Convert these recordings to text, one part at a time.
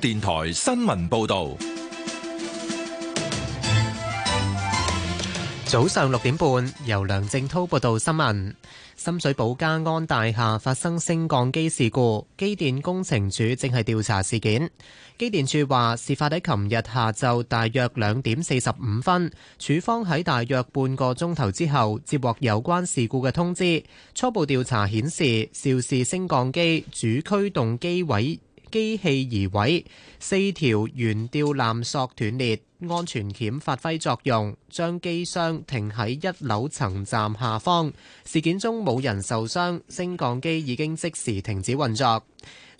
電台新聞報道，早上六點半，由梁正濤報道新聞。深水埗嘉安大廈發生升降機事故，機電工程署正係調查事件。機電處話，事發喺琴日下晝大約兩點四十五分，處方喺大約半個鐘頭之後接獲有關事故嘅通知。初步調查顯示，肇事升降機主驅動機位。機器移位，四條懸吊纜索斷裂，安全鉗發揮作用，將機箱停喺一樓層站下方。事件中冇人受傷，升降機已經即時停止運作。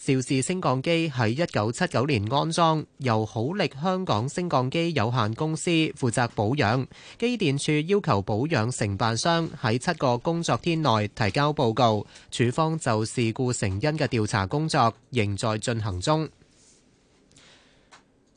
肇事升降機喺一九七九年安裝，由好力香港升降機有限公司負責保養。機電署要求保養承辦商喺七個工作天內提交報告。處方就事故成因嘅調查工作仍在進行中。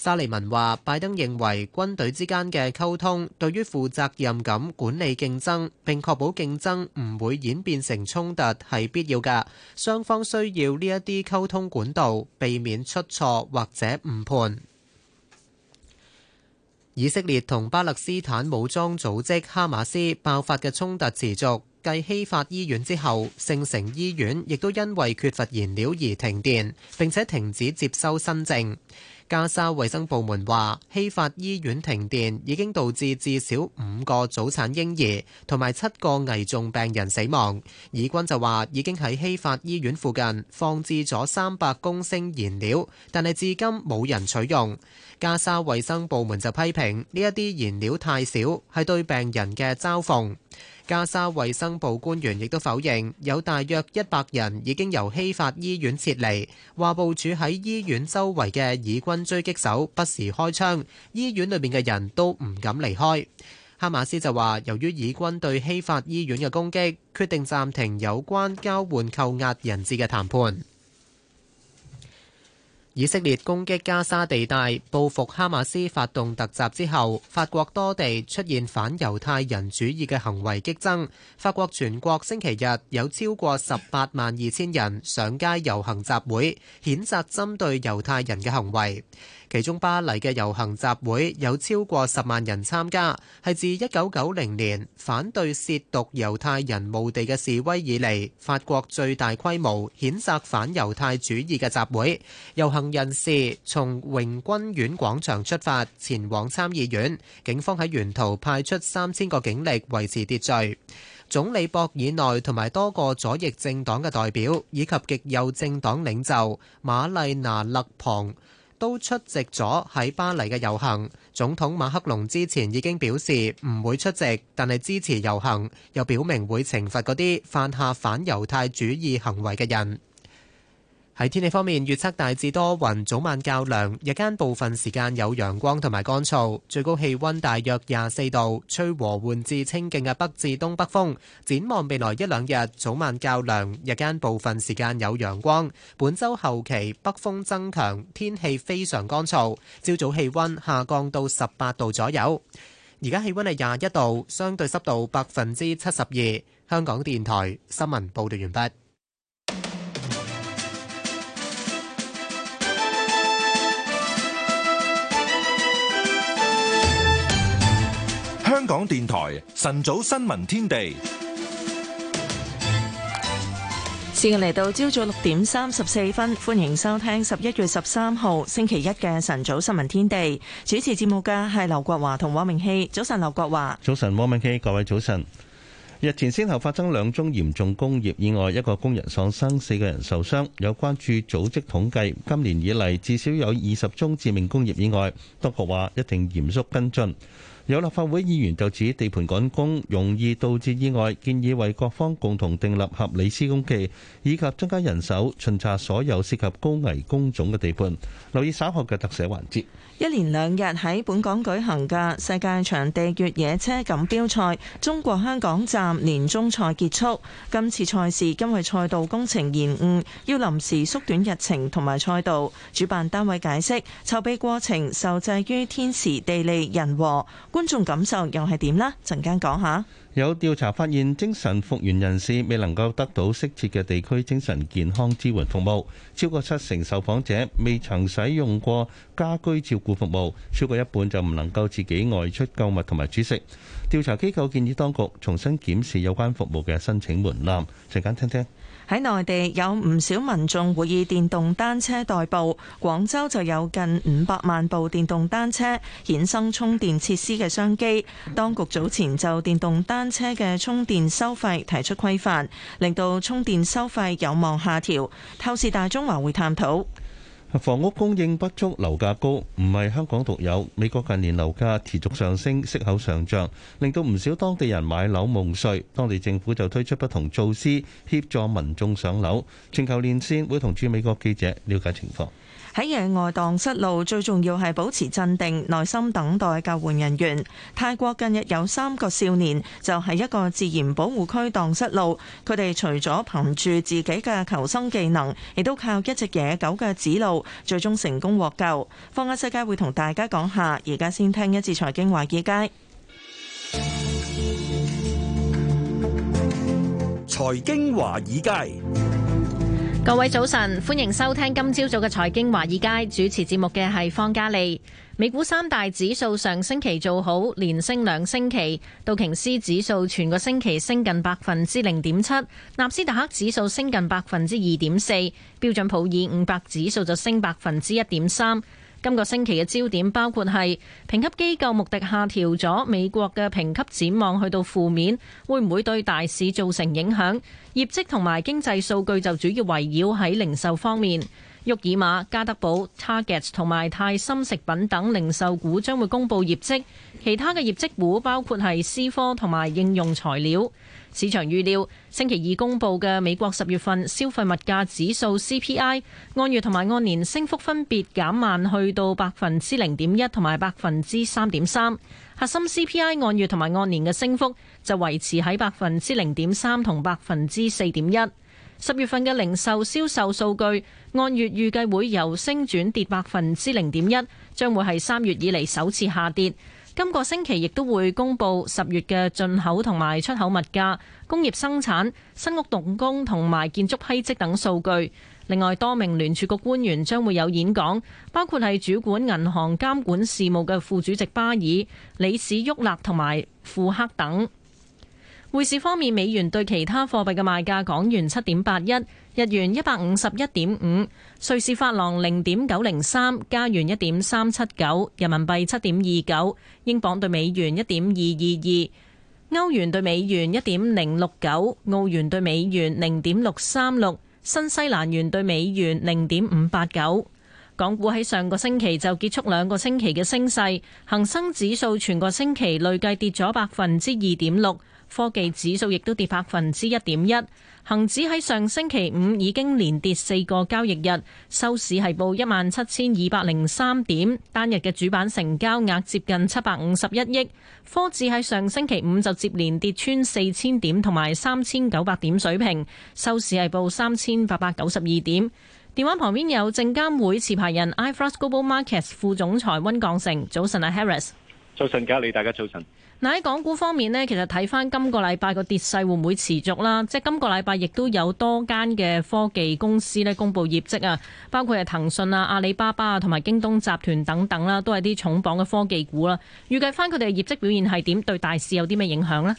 沙利文話，拜登認為軍隊之間嘅溝通對於負責任咁管理競爭並確保競爭唔會演變成衝突係必要嘅。雙方需要呢一啲溝通管道，避免出錯或者誤判。以色列同巴勒斯坦武裝組織哈馬斯爆發嘅衝突持續，繼希法醫院之後，聖城醫院亦都因為缺乏燃料而停電，並且停止接收新症。加沙衛生部門話，希法醫院停電已經導致至少五個早產嬰兒同埋七個危重病人死亡。以軍就話，已經喺希法醫院附近放置咗三百公升燃料，但係至今冇人取用。加沙衛生部門就批評呢一啲燃料太少，係對病人嘅嘲諷。加沙衛生部官員亦都否認有大約一百人已經由希法醫院撤離，話部署喺醫院周圍嘅以軍狙擊手不時開槍，醫院裏面嘅人都唔敢離開。哈馬斯就話，由於以軍對希法醫院嘅攻擊，決定暫停有關交換扣押人質嘅談判。以色列攻擊加沙地帶，報復哈馬斯發動突襲之後，法國多地出現反猶太人主義嘅行為激增。法國全國星期日有超過十八萬二千人上街遊行集會，譴責針對猶太人嘅行為。其中巴黎嘅遊行集會有超過十萬人參加，係自一九九零年反對褻瀆猶太人墓地嘅示威以嚟，法國最大規模譴責反猶太主義嘅集會。遊行人士從榮軍院廣場出發，前往參議院。警方喺沿途派出三千個警力維持秩序。總理博爾內同埋多個左翼政黨嘅代表，以及極右政黨領袖馬麗娜勒勒龐，都出席咗喺巴黎嘅遊行。總統馬克龍之前已經表示唔會出席，但係支持遊行，又表明會懲罰嗰啲犯下反猶太主義行為嘅人。喺天氣方面，預測大致多雲，早晚較涼，日間部分時間有陽光同埋乾燥，最高氣溫大約廿四度，吹和緩至清勁嘅北至東北風，展望未來一兩日，早晚較涼，日間部分時間有陽光。本周後期北風增強，天氣非常乾燥，朝早氣溫下降到十八度左右。而家氣溫係廿一度，相對濕度百分之七十二。香港電台新聞報道完畢。香港電台晨早新聞天地，時間嚟到朝早六點三十四分，歡迎收聽十一月十三號星期一嘅晨早新聞天地。主持節目嘅係劉國華同汪明熙。早晨，劉國華。早晨，汪明熙。各位早晨。日前先後發生兩宗嚴重工業意外，一個工人喪生，四個人受傷。有關注組織統計，今年以嚟至少有二十宗致命工業意外。當局話一定嚴肅跟進。有立法會議員就指地盤趕工容易導致意外，建議為各方共同訂立合理施工期，以及增加人手，巡查所有涉及高危工種嘅地盤。留意稍後嘅特寫環節。一連兩日喺本港舉行嘅世界場地越野車錦標賽中國香港站年終賽結束。今次賽事因為賽道工程延誤，要臨時縮短日程同埋賽道。主辦單位解釋，籌備過程受制於天時地利人和，觀眾感受又係點呢？陣間講下。有調查發現，精神復原人士未能夠得到適切嘅地區精神健康支援服務。超過七成受訪者未曾使用過家居照顧服務，超過一半就唔能夠自己外出購物同埋煮食。調查機構建議當局重新檢視有關服務嘅申請門檻。陣間聽聽。喺內地有唔少民眾會以電動單車代步，廣州就有近五百萬部電動單車，衍生充電設施嘅商機。當局早前就電動單車車嘅充電收費提出規範，令到充電收費有望下調。透視大中華會探討房屋供應不足、樓價高，唔係香港獨有。美國近年樓價持續上升，息口上漲，令到唔少當地人買樓夢碎。當地政府就推出不同措施協助民眾上樓。全球連線會同駐美國記者了解情況。喺野外蕩失路，最重要係保持鎮定，耐心等待救援人員。泰國近日有三個少年就係一個自然保護區蕩失路，佢哋除咗憑住自己嘅求生技能，亦都靠一隻野狗嘅指路，最終成功獲救。放下世界會同大家講下，而家先聽一次財經華爾街。財經華爾街。各位早晨，歡迎收聽今朝早嘅財經華爾街，主持節目嘅係方嘉莉。美股三大指數上星期做好，連升兩星期。道瓊斯指數全個星期升近百分之零點七，納斯達克指數升近百分之二點四，標準普爾五百指數就升百分之一點三。今個星期嘅焦點包括係評級機構穆迪下調咗美國嘅評級展望，去到負面，會唔會對大市造成影響？業績同埋經濟數據就主要圍繞喺零售方面，沃爾瑪、加德寶、Target 同埋泰森食品等零售股將會公佈業績，其他嘅業績股包括係思科同埋應用材料。市場預料，星期二公佈嘅美國十月份消費物價指數 CPI，按月同埋按年升幅分別減慢去到百分之零點一，同埋百分之三點三。核心 CPI 按月同埋按年嘅升幅就維持喺百分之零點三同百分之四點一。十月份嘅零售銷售數據按月預計會由升轉跌百分之零點一，將會係三月以嚟首次下跌。今個星期亦都會公布十月嘅進口同埋出口物價、工業生產、新屋動工同埋建築批積等數據。另外，多名聯儲局官員將會有演講，包括係主管銀行監管事務嘅副主席巴爾、理事沃勒同埋庫克等。匯市方面，美元對其他貨幣嘅賣價：港元七點八一，日元一百五十一點五，瑞士法郎零點九零三，加元一點三七九，人民幣七點二九，英鎊兌美元一點二二二，歐元兌美元一點零六九，澳元兌美元零點六三六，新西蘭元兌美元零點五八九。港股喺上個星期就結束兩個星期嘅升勢，恒生指數全個星期累計跌咗百分之二點六。科技指數亦都跌百分之一點一，恒指喺上星期五已經連跌四個交易日，收市係報一萬七千二百零三點，單日嘅主板成交額接近七百五十一億。科指喺上星期五就接連跌穿四千點同埋三千九百點水平，收市係報三千八百九十二點。電話旁邊有證監會持牌人 iFAST Global Markets 副總裁温鋼成，早晨，阿 Harris。早晨，加你大家早晨。嗱喺港股方面呢，其實睇翻今個禮拜個跌勢會唔會持續啦？即係今個禮拜亦都有多間嘅科技公司咧公佈業績啊，包括係騰訊啊、阿里巴巴啊、同埋京東集團等等啦，啊，都係啲重磅嘅科技股啦，啊。預計翻佢哋嘅業績表現係點？對大市有啲咩影響呢？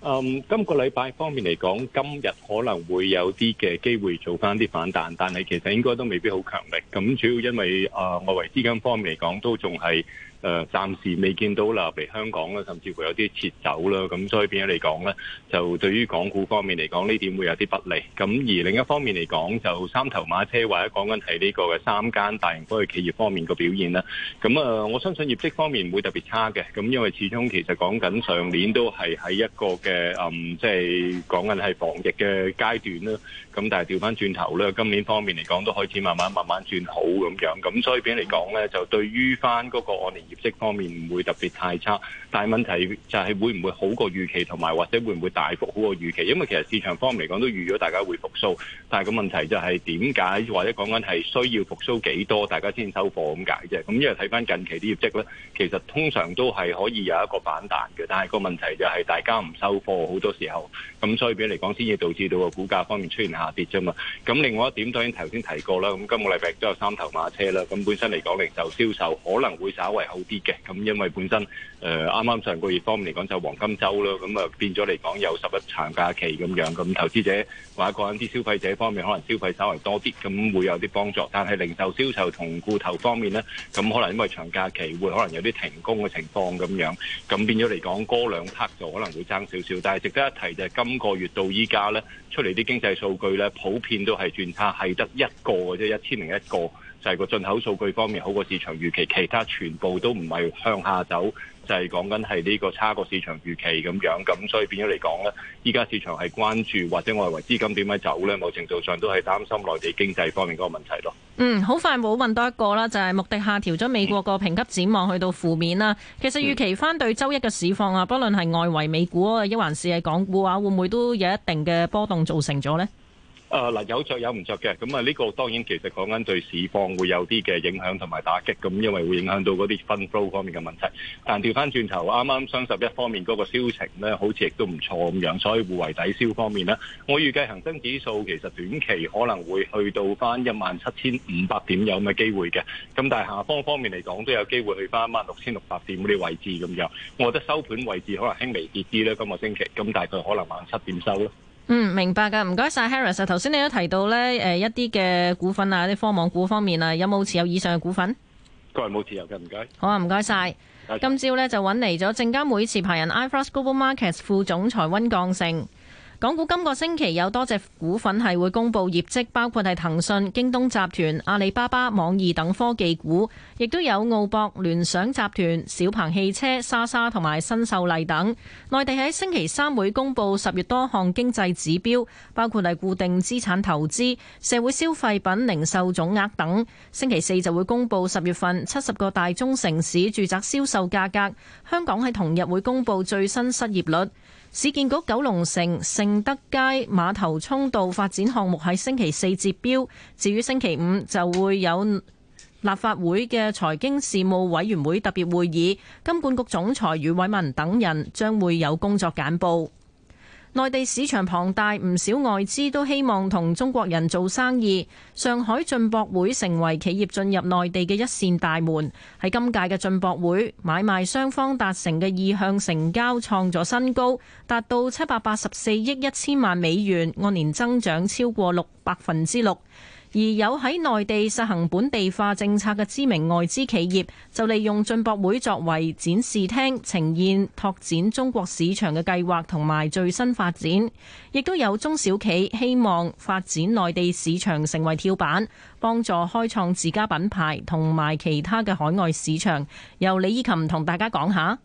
嗯，今個禮拜方面嚟講，今日可能會有啲嘅機會做翻啲反彈，但係其實應該都未必好強力。咁主要因為啊，呃，外圍資金方面嚟講都仲係。誒暫時未見到，譬如香港咧，甚至乎有啲撤走啦，咁所以變咗嚟講咧，就對於港股方面嚟講，呢點會有啲不利。咁而另一方面嚟講，就三頭馬車或者講緊係呢個嘅三間大型科技企業方面嘅表現啦。咁啊，我相信業績方面唔會特別差嘅。咁因為始終其實講緊上年都係喺一個嘅嗯，即係講緊係防疫嘅階段啦。咁但係調翻轉頭咧，今年方面嚟講都開始慢慢慢慢轉好咁樣。咁所以變咗嚟講咧，就對於翻嗰個按年。業績方面唔會特別太差，但係問題就係會唔會好過預期，同埋或者會唔會大幅好過預期？因為其實市場方面嚟講都預咗大家會復甦，但係個問題就係點解或者講緊係需要復甦幾多大家先收貨咁解啫？咁因為睇返近期啲業績咧，其實通常都係可以有一個反彈嘅，但係個問題就係大家唔收貨，好多時候。咁所以，俾嚟講，先至導致到個股價方面出現下跌啫嘛。咁另外一點，當然頭先提過啦。咁今個禮拜都有三頭馬車啦。咁本身嚟講，零售銷售可能會稍為好啲嘅。咁因為本身誒啱啱上個月方面嚟講就黃金週啦，咁啊變咗嚟講有十一長假期咁樣。咁投資者或者講一啲消費者方面可能消費稍為多啲，咁會有啲幫助。但係零售銷售同固投方面咧，咁可能因為長假期會可能有啲停工嘅情況咁樣。咁變咗嚟講，嗰兩匹就可能會爭少少。但係值得一提就係今，五個月到依家咧，出嚟啲經濟數據咧，普遍都係轉差，係得一個嘅啫，一千零一個。就係、是、個進口數據方面好過市場預期，其，其他全部都唔係向下走。就係講緊係呢個差過市場預期咁樣，咁所以變咗嚟講呢，依家市場係關注或者外圍資金點樣走呢，某程度上都係擔心內地經濟方面嗰個問題咯。嗯，好快冇問多一個啦，就係、是、穆迪，下調咗美國個評級展望去到負面啦。其實預期翻對周一嘅市況啊，不論係外圍美股啊，抑還是係港股啊，會唔會都有一定嘅波動造成咗呢？啊嗱、呃，有着有唔着嘅，咁啊呢個當然其實講緊對市況會有啲嘅影響同埋打擊，咁、嗯、因為會影響到嗰啲 fund flow 方面嘅問題。但調翻轉頭，啱啱雙十一方面嗰個銷情咧，好似亦都唔錯咁樣、嗯，所以互為抵消方面咧，我預計恒生指數其實短期可能會去到翻一萬七千五百點有咁嘅機會嘅。咁、嗯、但係下方方面嚟講，都有機會去翻一萬六千六百點嗰啲位置咁樣。我覺得收盤位置可能輕微跌啲咧，今個星期，咁大概可能萬七點收咯。嗯，明白噶，唔該晒，Harris 啊，頭先你都提到咧，誒、呃，一啲嘅股份啊，啲科網股方面啊，有冇持有以上嘅股份？個人冇持有嘅，唔該。好啊，唔該晒。謝謝今朝咧就揾嚟咗證監會持牌人 iFirst Global Markets 副總裁溫剛盛。港股今個星期有多隻股份係會公佈業績，包括係騰訊、京東集團、阿里巴巴、網易等科技股，亦都有澳博、聯想集團、小鵬汽車、莎莎同埋新秀麗等。內地喺星期三會公佈十月多項經濟指標，包括係固定資產投資、社會消費品零售總額等。星期四就會公佈十月份七十個大中城市住宅銷售價格。香港喺同日會公佈最新失業率。市建局九龍城盛德街碼頭涌道發展項目喺星期四截標，至於星期五就會有立法會嘅財經事務委員會特別會議，金管局總裁余偉文等人將會有工作簡報。內地市場龐大，唔少外資都希望同中國人做生意。上海進博會成為企業進入內地嘅一扇大門。喺今屆嘅進博會，買賣雙方達成嘅意向成交創咗新高，達到七百八十四億一千萬美元，按年增長超過六百分之六。而有喺內地實行本地化政策嘅知名外資企業，就利用進博會作為展示廳，呈現拓展中國市場嘅計劃同埋最新發展。亦都有中小企希望發展內地市場成為跳板，幫助開創自家品牌同埋其他嘅海外市場。由李依琴同大家講下。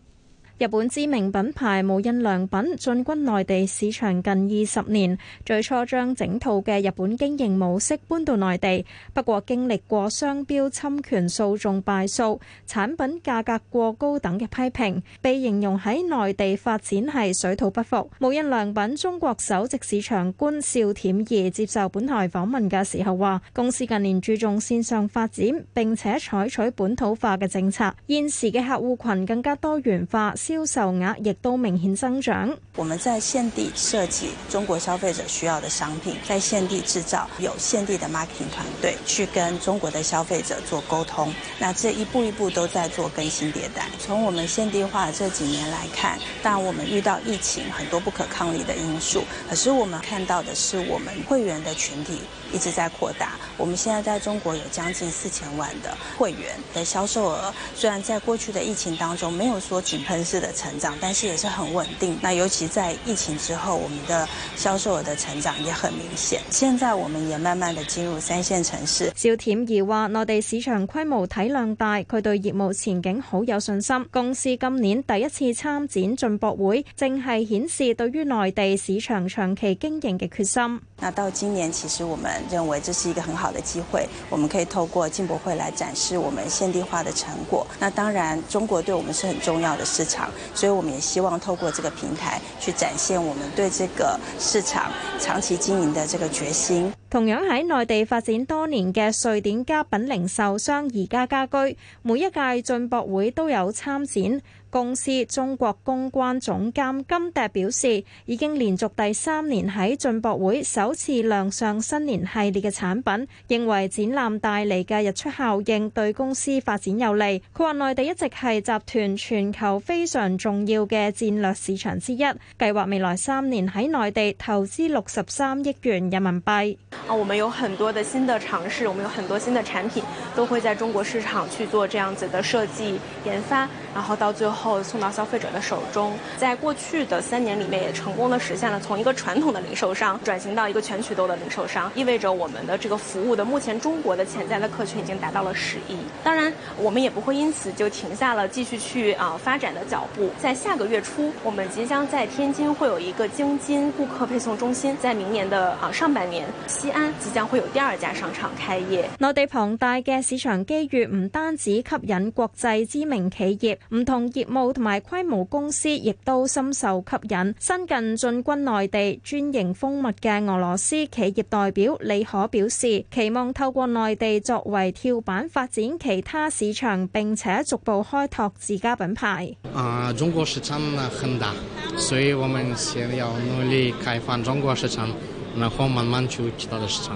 日本知名品牌無印良品進軍內地市場近二十年，最初將整套嘅日本經營模式搬到內地，不過經歷過商標侵權訴訟敗訴，產品價格過高等嘅批評，被形容喺內地發展係水土不服。無印良品中國首席市場官邵恬兒接受本台訪問嘅時候話，公司近年注重線上發展，並且採取本土化嘅政策，現時嘅客戶群更加多元化。銷售額亦都明顯增長。我們在現地設計中國消費者需要的商品，在現地製造，有現地的 marketing 團隊去跟中國的消費者做溝通。那這一步一步都在做更新迭代。從我們現地化的這幾年來看，但我們遇到疫情很多不可抗力的因素，可是我們看到的是我們會員的群體一直在擴大。我們現在在中國有將近四千萬的會員的。的銷售額雖然在過去的疫情當中沒有說井噴。的成長，但是也是很穩定。那尤其在疫情之後，我們的銷售額的成長也很明顯。現在我們也慢慢的進入三線城市。趙儉怡話：內地市場規模體量大，佢對業務前景好有信心。公司今年第一次參展進博會，正係顯示對於內地市場長期經營嘅決心。那到今年，其實我們認為這是一個很好的機會，我們可以透過進博會來展示我們本地化的成果。那當然，中國對我們是很重要的市場。所以我們也希望透過這個平台去展現我們對這個市場長期經營的這個決心。同樣喺內地發展多年嘅瑞典家品零售商宜家家居，每一屆進博會都有參展。公司中國公關總監金笛表示，已經連續第三年喺進博會首次亮相新年系列嘅產品，認為展覽帶嚟嘅日出效應對公司發展有利。佢話內地一直係集團全球非常重要嘅戰略市場之一，計劃未來三年喺內地投資六十三億元人民幣。啊，我們有很多的新的嘗試，我們有很多新的產品都會在中國市場去做這樣子的設計研發，然後到最後。後送到消費者的手中。在過去的三年裏面，也成功的實現了從一個傳統的零售商轉型到一個全渠道的零售商，意味着我們的這個服務的目前中國的潛在的客群已經達到了十億。當然，我們也不會因此就停下了繼續去啊發展的腳步。在下個月初，我們即將在天津會有一個京津顧客配送中心。在明年的啊上半年，西安即將會有第二家商場開業。內地龐大嘅市場機遇唔單止吸引國際知名企業，唔同業務。務同埋規模公司亦都深受吸引。新近進軍內地專營蜂蜜嘅俄羅斯企業代表李可表示，期望透過內地作為跳板發展其他市場，並且逐步開拓自家品牌。啊，中國市場很大，所以我們先要努力開放中國市場。然後慢慢去其他的市場，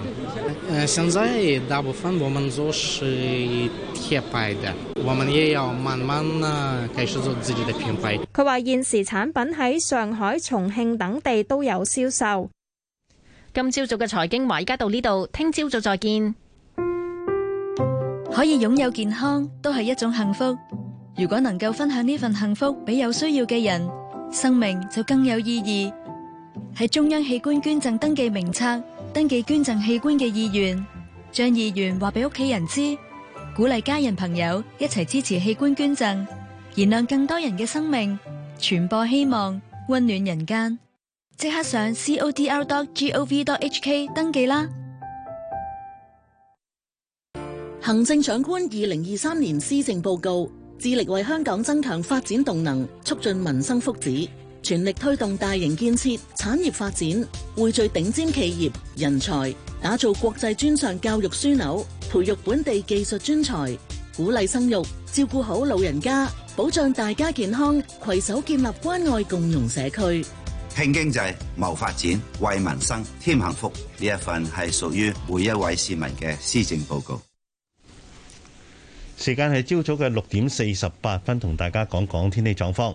現在大部分我們都是貼牌的，我們也要慢慢開始做自己的品牌。佢話現時產品喺上海、重慶等地都有銷售。今朝早嘅財經話家到呢度，聽朝早再見。可以擁有健康都係一種幸福。如果能夠分享呢份幸福俾有需要嘅人，生命就更有意義。喺中央器官捐贈登記名冊登記捐贈器官嘅意願，將意願話俾屋企人知，鼓勵家人朋友一齊支持器官捐贈，燃亮更多人嘅生命，傳播希望，温暖人間。即刻上 codr.gov.hk 登記啦！行政長官二零二三年施政報告，致力為香港增強發展動能，促進民生福祉。全力推動大型建設、產業發展，匯聚頂尖企業人才，打造國際專上教育樞紐，培育本地技術專才，鼓勵生育，照顧好老人家，保障大家健康，攜手建立關愛共融社區。拼經濟、謀發展、為民生添幸福，呢一份係屬於每一位市民嘅施政報告。時間係朝早嘅六點四十八分，同大家講講天氣狀況。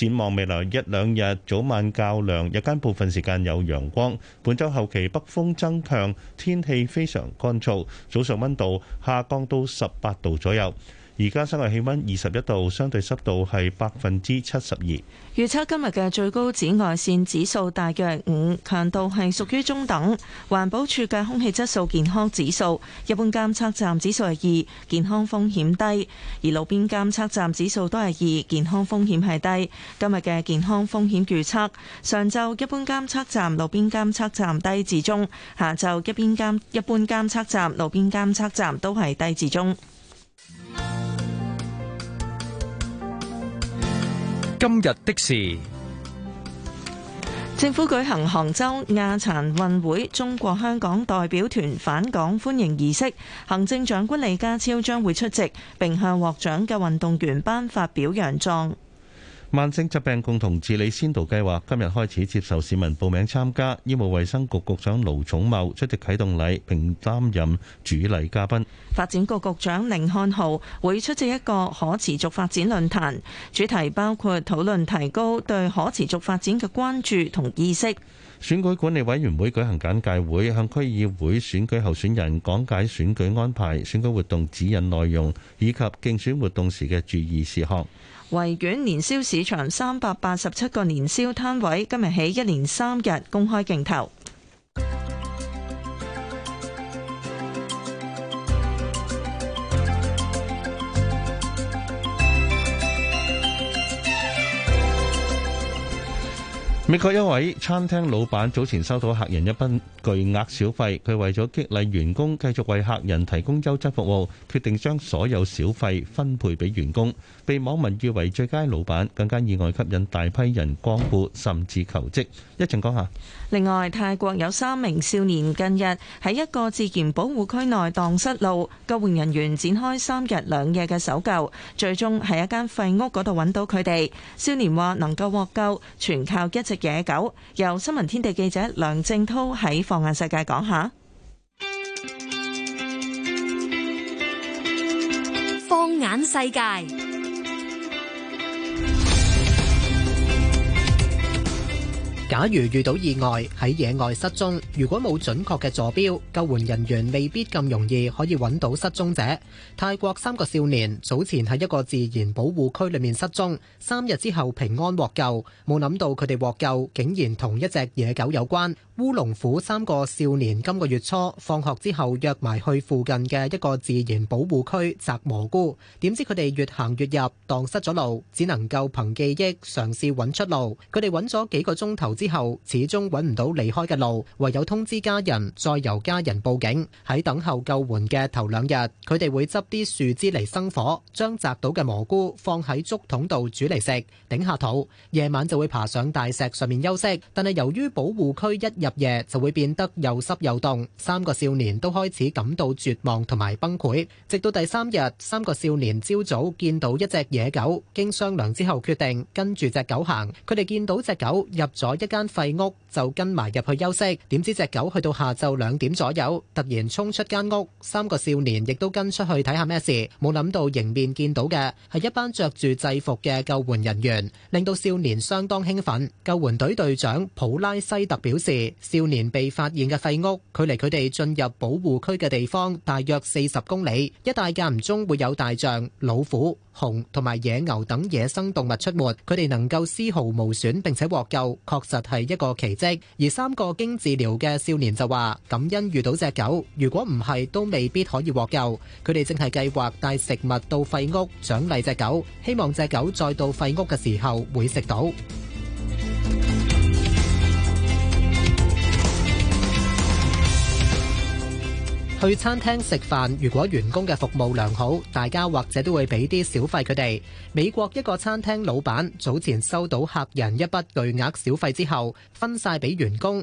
展望未來一兩日，早晚較涼，日間部分時間有陽光。本週後期北風增強，天氣非常乾燥，早上溫度下降到十八度左右。而家室外氣溫二十一度，相對濕度係百分之七十二。預測今日嘅最高紫外線指數大約五，強度係屬於中等。環保署嘅空氣質素健康指數，一般監測站指數係二，健康風險低；而路邊監測站指數都係二，健康風險係低。今日嘅健康風險預測，上晝一般監測站、路邊監測站低至中；下晝一邊監一般監測站、路邊監測站都係低至中。今日的事，政府舉行杭州亞殘運會中國香港代表團返港歡迎儀式，行政長官李家超將會出席，並向獲獎嘅運動員頒發表揚狀。慢性疾病共同治理先導計劃今日開始接受市民報名參加，醫務衛生局局長盧寵茂出席啟動禮，並擔任主禮嘉賓。發展局局長甯漢豪會出席一個可持續發展論壇，主題包括討論提高對可持續發展嘅關注同意識。選舉管理委員會舉行簡介會，向區議會選舉候選人講解選舉安排、選舉活動指引內容以及競選活動時嘅注意事項。維園年宵市場三百八十七個年宵攤位今日起一連三日公開競投。美國一位餐廳老闆早前收到客人一筆巨額小費，佢為咗激勵員工繼續為客人提供優質服務，決定將所有小費分配俾員工，被網民譽為最佳老闆，更加意外吸引大批人光顧甚至求職。一陣講下。另外，泰國有三名少年近日喺一個自然保護區內蕩失路，救援人員展開三日兩夜嘅搜救，最終喺一間廢屋嗰度揾到佢哋。少年話能夠獲救，全靠一隻野狗。由新聞天地記者梁正濤喺《放眼世界》講下。放眼世界。假如遇到意外喺野外失蹤，如果冇準確嘅坐標，救援人員未必咁容易可以揾到失蹤者。泰國三個少年早前喺一個自然保護區裏面失蹤，三日之後平安獲救，冇諗到佢哋獲救竟然同一隻野狗有關。烏龍虎三個少年今個月初放學之後，約埋去附近嘅一個自然保護區摘蘑菇，點知佢哋越行越入，蕩失咗路，只能夠憑記憶嘗試揾出路。佢哋揾咗幾個鐘頭之後，始終揾唔到離開嘅路，唯有通知家人，再由家人報警。喺等候救援嘅頭兩日，佢哋會執啲樹枝嚟生火，將摘到嘅蘑菇放喺竹筒度煮嚟食，頂下肚。夜晚就會爬上大石上面休息。但係由於保護區一日。夜就會變得又濕又凍，三個少年都開始感到絕望同埋崩潰。直到第三日，三個少年朝早見到一隻野狗，經商量之後決定跟住隻狗行。佢哋見到隻狗入咗一間廢屋。就跟埋入去休息，點知隻狗去到下晝兩點左右，突然衝出間屋，三個少年亦都跟出去睇下咩事。冇諗到迎面見到嘅係一班著住制服嘅救援人員，令到少年相當興奮。救援隊隊長普拉西特表示：少年被發現嘅廢屋距離佢哋進入保護區嘅地方大約四十公里，一帶間唔中會有大象、老虎、熊同埋野牛等野生動物出沒。佢哋能夠絲毫無損並且獲救，確實係一個奇。而三個經治療嘅少年就話：感恩遇到隻狗，如果唔係，都未必可以獲救。佢哋淨係計劃帶食物到廢屋，獎勵隻狗，希望隻狗再到廢屋嘅時候會食到。去餐廳食飯，如果員工嘅服務良好，大家或者都會俾啲小費佢哋。美國一個餐廳老闆早前收到客人一筆巨額小費之後，分晒俾員工。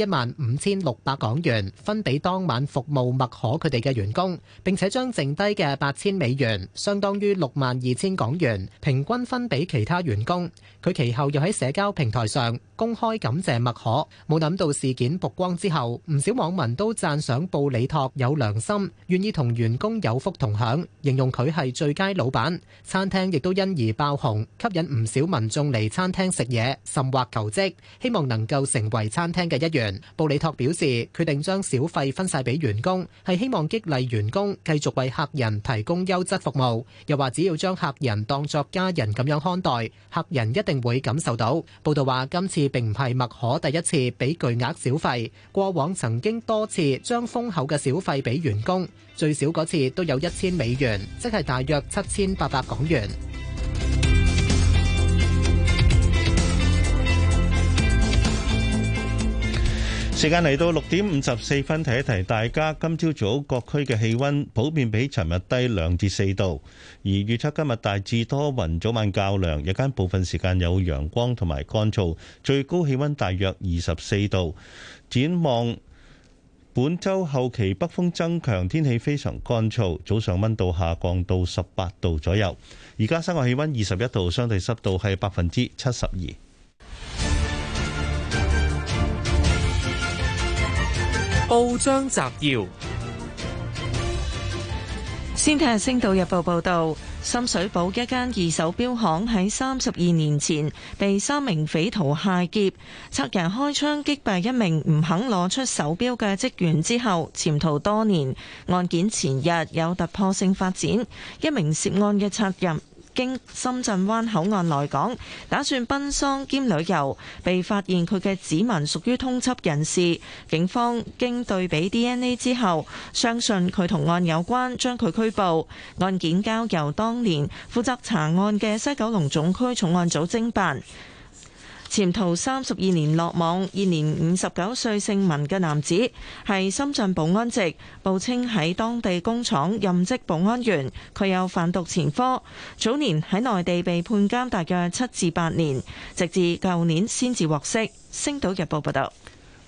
一萬五千六百港元分俾當晚服務麥可佢哋嘅員工，並且將剩低嘅八千美元，相當於六萬二千港元，平均分俾其他員工。佢其後又喺社交平台上公開感謝麥可，冇諗到事件曝光之後，唔少網民都讚賞布里托有良心，願意同員工有福同享，形容佢係最佳老闆。餐廳亦都因而爆紅，吸引唔少民眾嚟餐廳食嘢，甚或求職，希望能夠成為餐廳嘅一員。布里托表示，決定將小費分晒俾員工，係希望激勵員工繼續為客人提供優質服務。又話，只要將客人當作家人咁樣看待，客人一定會感受到。報道話，今次並唔係麥可第一次俾巨額小費，過往曾經多次將豐厚嘅小費俾員工，最少嗰次都有一千美元，即係大約七千八百港元。時間嚟到六點五十四分，提一提大家，今朝早各區嘅氣温普遍比尋日低兩至四度，而預測今日大致多雲，早晚較涼，日間部分時間有陽光同埋乾燥，最高氣温大約二十四度。展望本週後期北風增強，天氣非常乾燥，早上溫度下降到十八度左右。而家室外氣温二十一度，相對濕度係百分之七十二。報章摘要：先睇下《星島日報》報道：深水埗一間二手錶行喺三十二年前被三名匪徒械劫，賊人開槍擊斃一名唔肯攞出手錶嘅職員之後潛逃多年，案件前日有突破性發展，一名涉案嘅賊人，經深圳灣口岸來港，打算奔喪兼旅遊，被發現佢嘅指紋屬於通緝人士。警方經對比 DNA 之後，相信佢同案有關，將佢拘捕。案件交由當年負責查案嘅西九龍總區重案組偵辦。潛逃三十二年落網，現年五十九歲姓文嘅男子係深圳保安籍，報稱喺當地工廠任職保安員，佢有販毒前科，早年喺內地被判監大約七至八年，直至舊年先至獲釋。星島日報報道。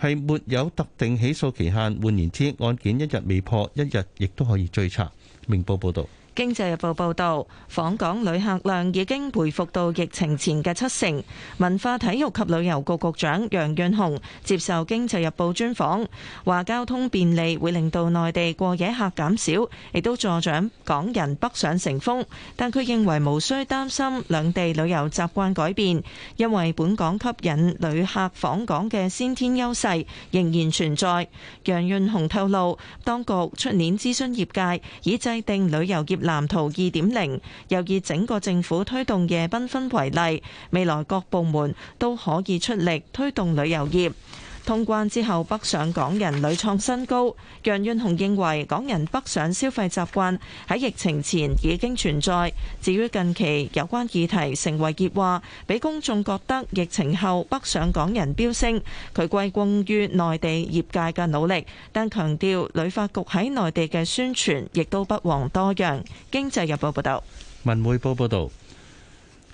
係沒有特定起訴期限，換言之，案件一日未破，一日亦都可以追查。明報報道。經濟日報報導，訪港旅客量已經回復到疫情前嘅七成。文化體育及旅遊局局長楊潤雄接受經濟日報專訪，話交通便利會令到內地過夜客減少，亦都助長港人北上成風。但佢認為無需擔心兩地旅遊習慣改變，因為本港吸引旅客訪港嘅先天優勢仍然存在。楊潤雄透露，當局出年諮詢業界，以制定旅遊業藍圖二點零，又以整個政府推動夜繽紛為例，未來各部門都可以出力推動旅遊業。通關之後，北上港人屢創新高。楊潤雄認為，港人北上消費習慣喺疫情前已經存在。至於近期有關議題成為熱話，俾公眾覺得疫情後北上港人飆升，佢歸功於內地業界嘅努力，但強調旅發局喺內地嘅宣傳亦都不遑多讓。經濟日報報道。文匯報報道：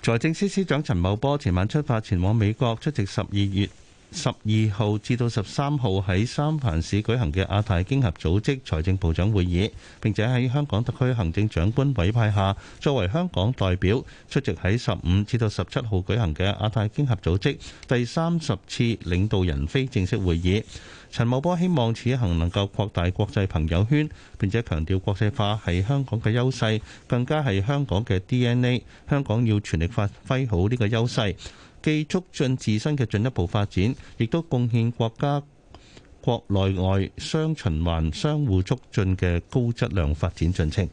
財政司司長陳茂波前晚出發前往美國出席十二月，十二號至到十三號喺三藩市舉行嘅亞太經合組織財政部長會議，並且喺香港特區行政長官委派下，作為香港代表出席喺十五至到十七號舉行嘅亞太經合組織第三十次領導人非正式會議。陳茂波希望此行能夠擴大國際朋友圈，並且強調國際化係香港嘅優勢，更加係香港嘅 DNA。香港要全力發揮好呢個優勢。既促進自身嘅進一步發展，亦都貢獻國家國內外雙循環相互促進嘅高質量發展進程。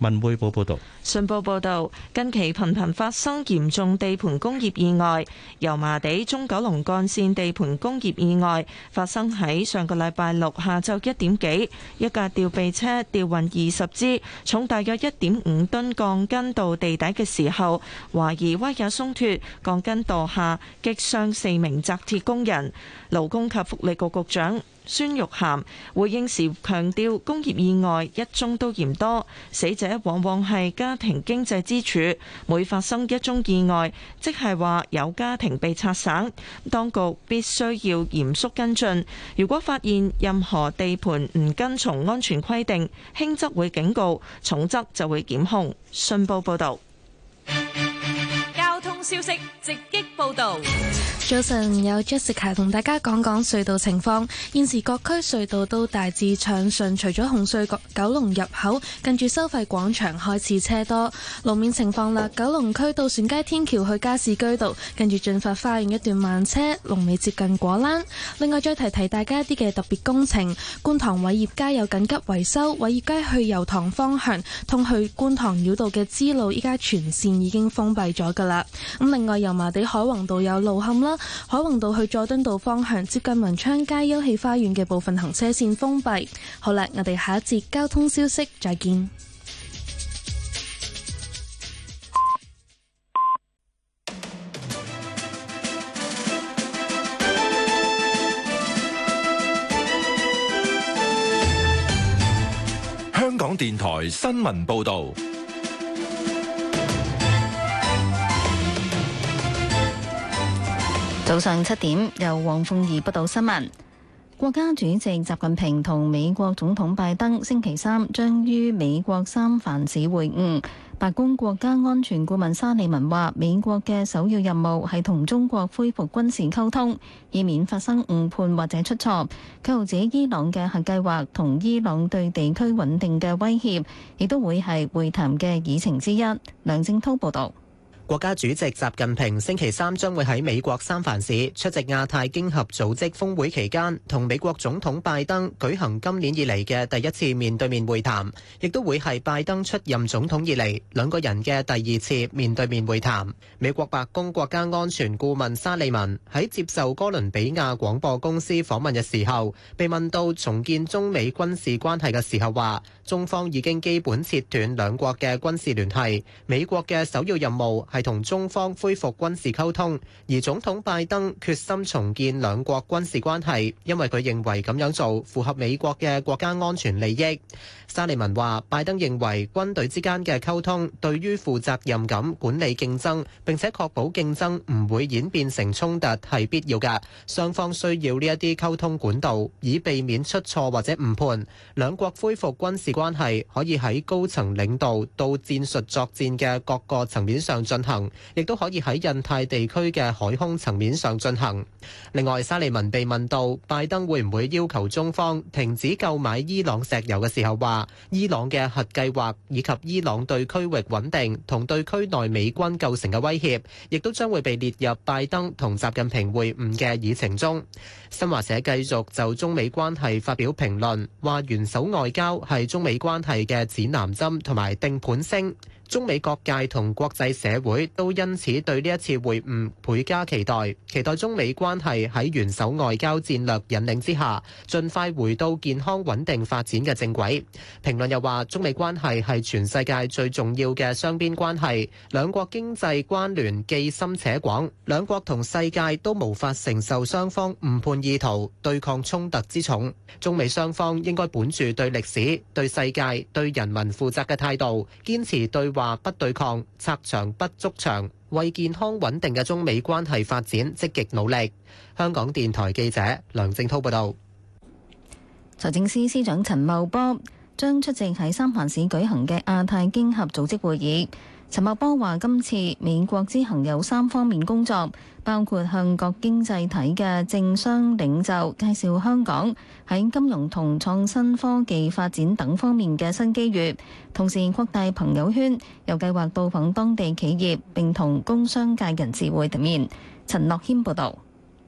文匯報報道。信報報導，近期頻頻發生嚴重地盤工業意外。油麻地中九龍幹線地盤工業意外發生喺上個禮拜六下晝一點幾，一架吊臂車吊運二十支重大約一點五噸鋼筋到地底嘅時候，懷疑威也鬆脱，鋼筋墮下，擊傷四名紮鐵工人。勞工及福利局局，局長孫玉菡回應時強調，工業意外一宗都嫌多，死者往往係加。家庭經濟支柱，每發生一宗意外，即係話有家庭被拆散，當局必須要嚴肅跟進。如果發現任何地盤唔跟從安全規定，輕則會警告，重則就會檢控。信報報道。交通消息直擊報道。早晨，有 Jessica 同大家講講隧道情況。現時各區隧道都大致暢順，除咗紅隧嗰九龍入口跟住收費廣場開始車多。路面情況啦，九龍區渡船街天橋去加士居道跟住進發花園一段慢車，龍尾接近果欄。另外再提提大家一啲嘅特別工程，觀塘偉業街有緊急維修，偉業街去油塘方向同去觀塘繞道嘅支路，依家全線已經封閉咗噶啦。咁另外油麻地海泓道有路陷啦。海泓道去佐敦道方向，接近文昌街休憩花園嘅部分行車線封閉。好喇，我哋下一節交通消息，再見。香港電台新聞報道。早上七點，由黃鳳儀報道新聞。國家主席習近平同美國總統拜登星期三將於美國三藩市會晤。白宮國家安全顧問沙利文話，美國嘅首要任務係同中國恢復軍事溝通，以免發生誤判或者出錯。佢話，者伊朗嘅核計劃同伊朗對地區穩定嘅威脅，亦都會係會談嘅議程之一。梁正濤報道。國家主席習近平星期三將會喺美國三藩市出席亞太經合組織峰會期間，同美國總統拜登舉行今年以嚟嘅第一次面對面會談，亦都會係拜登出任總統以嚟兩個人嘅第二次面對面會談。美國白宮國家安全顧問沙利文喺接受哥倫比亞廣播公司訪問嘅時候，被問到重建中美軍事關係嘅時候話：中方已經基本切斷兩國嘅軍事聯繫，美國嘅首要任務係同中方恢復軍事溝通，而總統拜登決心重建兩國軍事關係，因為佢認為咁樣做符合美國嘅國家安全利益。沙利文話：拜登認為軍隊之間嘅溝通對於負責任咁管理競爭，並且確保競爭唔會演變成衝突係必要㗎。雙方需要呢一啲溝通管道，以避免出錯或者誤判。兩國恢復軍事關係可以喺高層領導到戰術作戰嘅各個層面上進行，亦都可以喺印太地區嘅海空層面上進行。另外，沙利文被問到拜登會唔會要求中方停止購買伊朗石油嘅時候，話伊朗嘅核計劃以及伊朗對區域穩定同對區內美軍構成嘅威脅，亦都將會被列入拜登同習近平會晤嘅議程中。新華社繼續就中美關係發表評論，話元首外交係中美關係嘅指南針同埋定盤星。中美各界同國際社會都因此對呢一次會晤倍加期待，期待中美關係喺元首外交戰略引領之下，盡快回到健康穩定發展嘅正軌。評論又話：中美關係係全世界最重要嘅雙邊關係，兩國經濟關聯既深且廣，兩國同世界都無法承受雙方誤判意圖、對抗衝突之重。中美雙方應該本住對歷史、對世界、對人民負責嘅態度，堅持對。話不對抗，拆牆不築牆，為健康穩定嘅中美關係發展積極努力。香港電台記者梁正濤報道。財政司司長陳茂波將出席喺三藩市舉行嘅亞太經合組織會議。陳茂波話：今次美國之行有三方面工作，包括向各經濟體嘅政商領袖介紹香港喺金融同創新科技發展等方面嘅新機遇，同時擴大朋友圈。又計劃到訪當地企業，並同工商界人士會面。陳樂謙報道。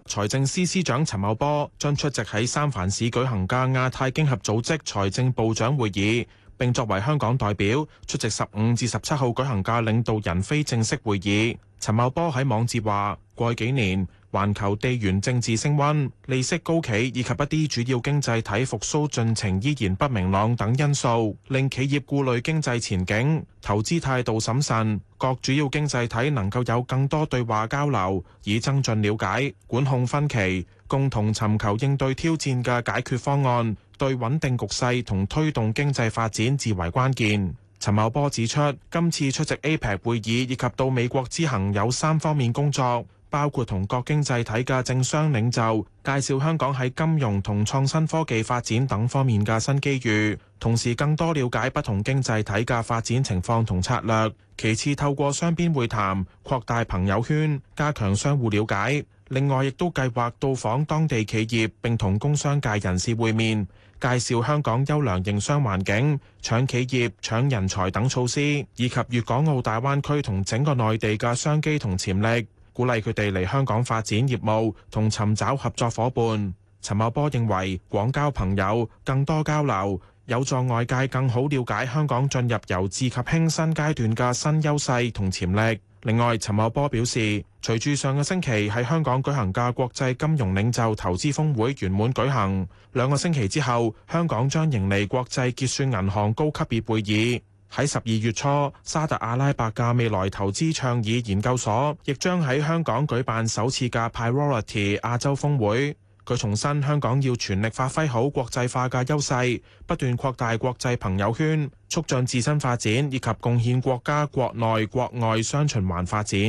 財政司司長陳茂波將出席喺三藩市舉行嘅亞太經合組織財政部長會議。並作為香港代表出席十五至十七號舉行嘅領導人非正式會議。陳茂波喺網誌話：過幾年，環球地緣政治升溫、利息高企以及一啲主要經濟體復甦進程依然不明朗等因素，令企業顧慮經濟前景、投資態度審慎。各主要經濟體能夠有更多對話交流，以增進了解、管控分歧、共同尋求應對挑戰嘅解決方案。對穩定局勢同推動經濟發展至為關鍵。陳茂波指出，今次出席 APEC 會議以及到美國之行有三方面工作，包括同各經濟體嘅政商領袖介紹香港喺金融同創新科技發展等方面嘅新機遇，同時更多了解不同經濟體嘅發展情況同策略。其次，透過雙邊會談擴大朋友圈，加強相互了解。另外，亦都計劃到訪當地企業，並同工商界人士會面。介紹香港優良營商環境、搶企業、搶人才等措施，以及粵港澳大灣區同整個內地嘅商機同潛力，鼓勵佢哋嚟香港發展業務同尋找合作伙伴。陳茂波認為，廣交朋友、更多交流，有助外界更好了解香港進入由治及興新階段嘅新優勢同潛力。另外，陳茂波表示，隨住上個星期喺香港舉行嘅國際金融領袖投資峰會圓滿舉行，兩個星期之後，香港將迎嚟國際結算銀行高級別會議。喺十二月初，沙特阿拉伯嘅未來投資倡議研究所亦將喺香港舉辦首次嘅 Priority 亞洲峰會。佢重申，香港要全力發揮好國際化嘅優勢，不斷擴大國際朋友圈，促進自身發展，以及貢獻國家國內國外雙循環發展。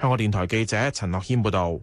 香港電台記者陳樂謙報道。.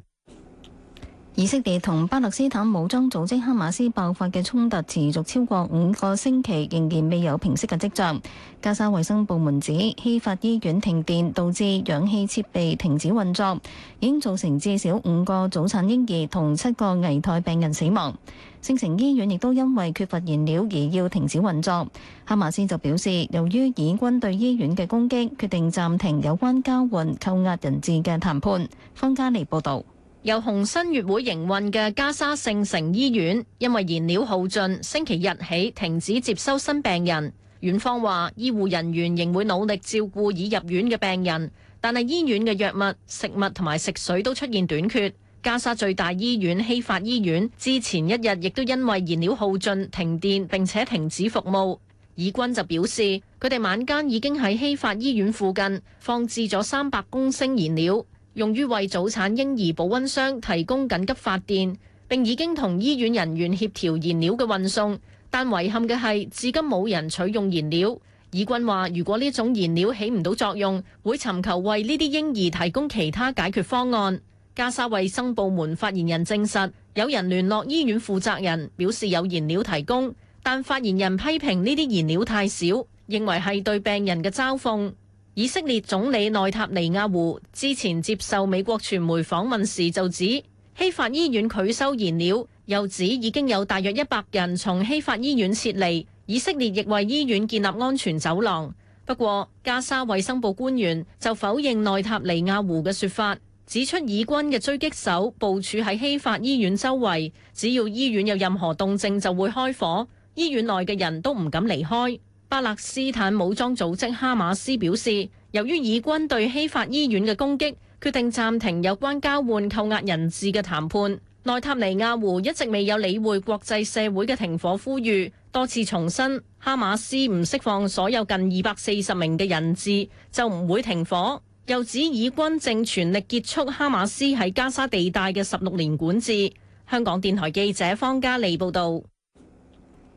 以色列同巴勒斯坦武裝組織哈馬斯爆發嘅衝突持續超過五個星期，仍然未有平息嘅跡象。加沙衛生部門指，希法醫院停電導致氧氣設備停止運作，已經造成至少五個早產嬰兒同七個危殆病人死亡。聖城醫院亦都因為缺乏燃料而要停止運作。哈馬斯就表示，由於以軍對醫院嘅攻擊，決定暫停有關交換扣押人質嘅談判。方家莉報道。由紅新月會營運嘅加沙聖城醫院，因為燃料耗盡，星期日起停止接收新病人。院方話，醫護人員仍會努力照顧已入院嘅病人，但係醫院嘅藥物、食物同埋食水都出現短缺。加沙最大醫院希法醫院，之前一日亦都因為燃料耗盡停電，並且停止服務。以軍就表示，佢哋晚間已經喺希法醫院附近放置咗三百公升燃料。用於為早產嬰兒保溫箱提供緊急發電，並已經同醫院人員協調燃料嘅運送，但遺憾嘅係至今冇人取用燃料。以軍話：如果呢種燃料起唔到作用，會尋求為呢啲嬰兒提供其他解決方案。加沙衛生部門發言人證實，有人聯絡醫院負責人，表示有燃料提供，但發言人批評呢啲燃料太少，認為係對病人嘅嘲諷。以色列總理內塔尼亞胡之前接受美國傳媒訪問時就指希法醫院拒收燃料，又指已經有大約一百人從希法醫院撤離。以色列亦為醫院建立安全走廊。不過，加沙衛生部官員就否認內塔尼亞胡嘅說法，指出以軍嘅狙擊手部署喺希法醫院周圍，只要醫院有任何動靜就會開火，醫院內嘅人都唔敢離開。巴勒斯坦武裝組織哈馬斯表示，由於以軍對希法醫院嘅攻擊，決定暫停有關交換扣押人質嘅談判。內塔尼亞胡一直未有理會國際社會嘅停火呼籲，多次重申哈馬斯唔釋放所有近二百四十名嘅人質就唔會停火，又指以軍正全力結束哈馬斯喺加沙地帶嘅十六年管治。香港電台記者方嘉莉報道。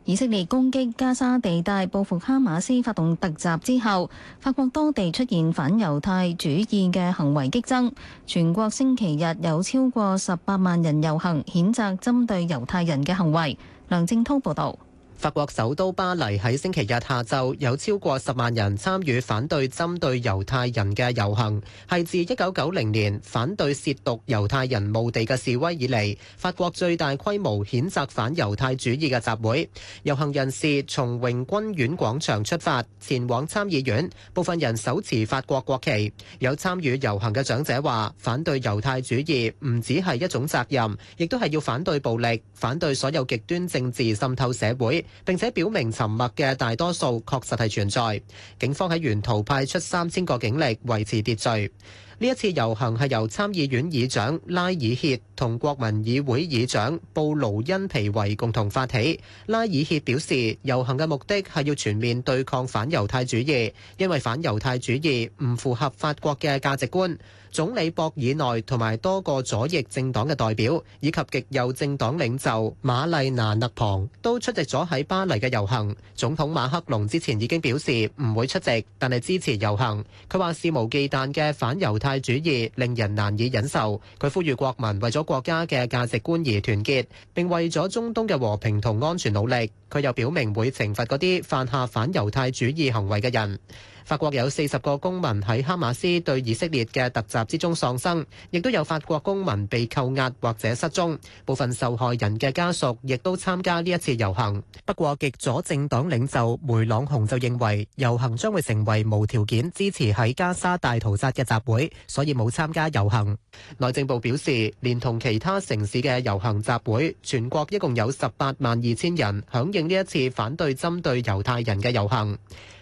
以色列攻擊加沙地帶報復哈馬斯發動突襲之後，法國多地出現反猶太主義嘅行為激增，全國星期日有超過十八萬人遊行，譴責針對猶太人嘅行為。梁正滔報導。法國首都巴黎喺星期日下晝有超過十萬人參與反對針對猶太人嘅遊行，係自一九九零年反對褻瀆猶太人墓地嘅示威以嚟，法國最大規模譴責反猶太主義嘅集會。遊行人士從榮軍院廣場出發，前往參議院，部分人手持法國國旗。有參與遊行嘅長者話：反對猶太主義唔只係一種責任，亦都係要反對暴力，反對所有極端政治滲透社會。並且表明沉默嘅大多數確實係存在。警方喺沿途派出三千個警力維持秩序。呢一次遊行係由參議院議長拉爾歇同國民議會議長布魯恩皮維共同發起。拉爾歇表示，遊行嘅目的係要全面對抗反猶太主義，因為反猶太主義唔符合法國嘅價值觀。總理博爾內同埋多個左翼政黨嘅代表，以及極右政黨領袖馬麗娜勒龐都出席咗喺巴黎嘅遊行。總統馬克龍之前已經表示唔會出席，但係支持遊行。佢話肆無忌憚嘅反猶太主義令人難以忍受。佢呼籲國民為咗國家嘅價值觀而團結，並為咗中東嘅和平同安全努力。佢又表明會懲罰嗰啲犯下反猶太主義行為嘅人。法國有四十個公民喺哈馬斯對以色列的突襲之中喪生，亦都有法國公民被扣押或者失蹤，部分受害人的家屬亦都參加呢一次遊行。不過，極左政黨領袖梅朗雄就認為遊行將會成為無條件支持喺加沙大屠殺的集會，所以冇參加遊行。內政部表示，連同其他城市的遊行集會，全國一共有18萬2千人響應呢一次反對針對猶太人的遊行。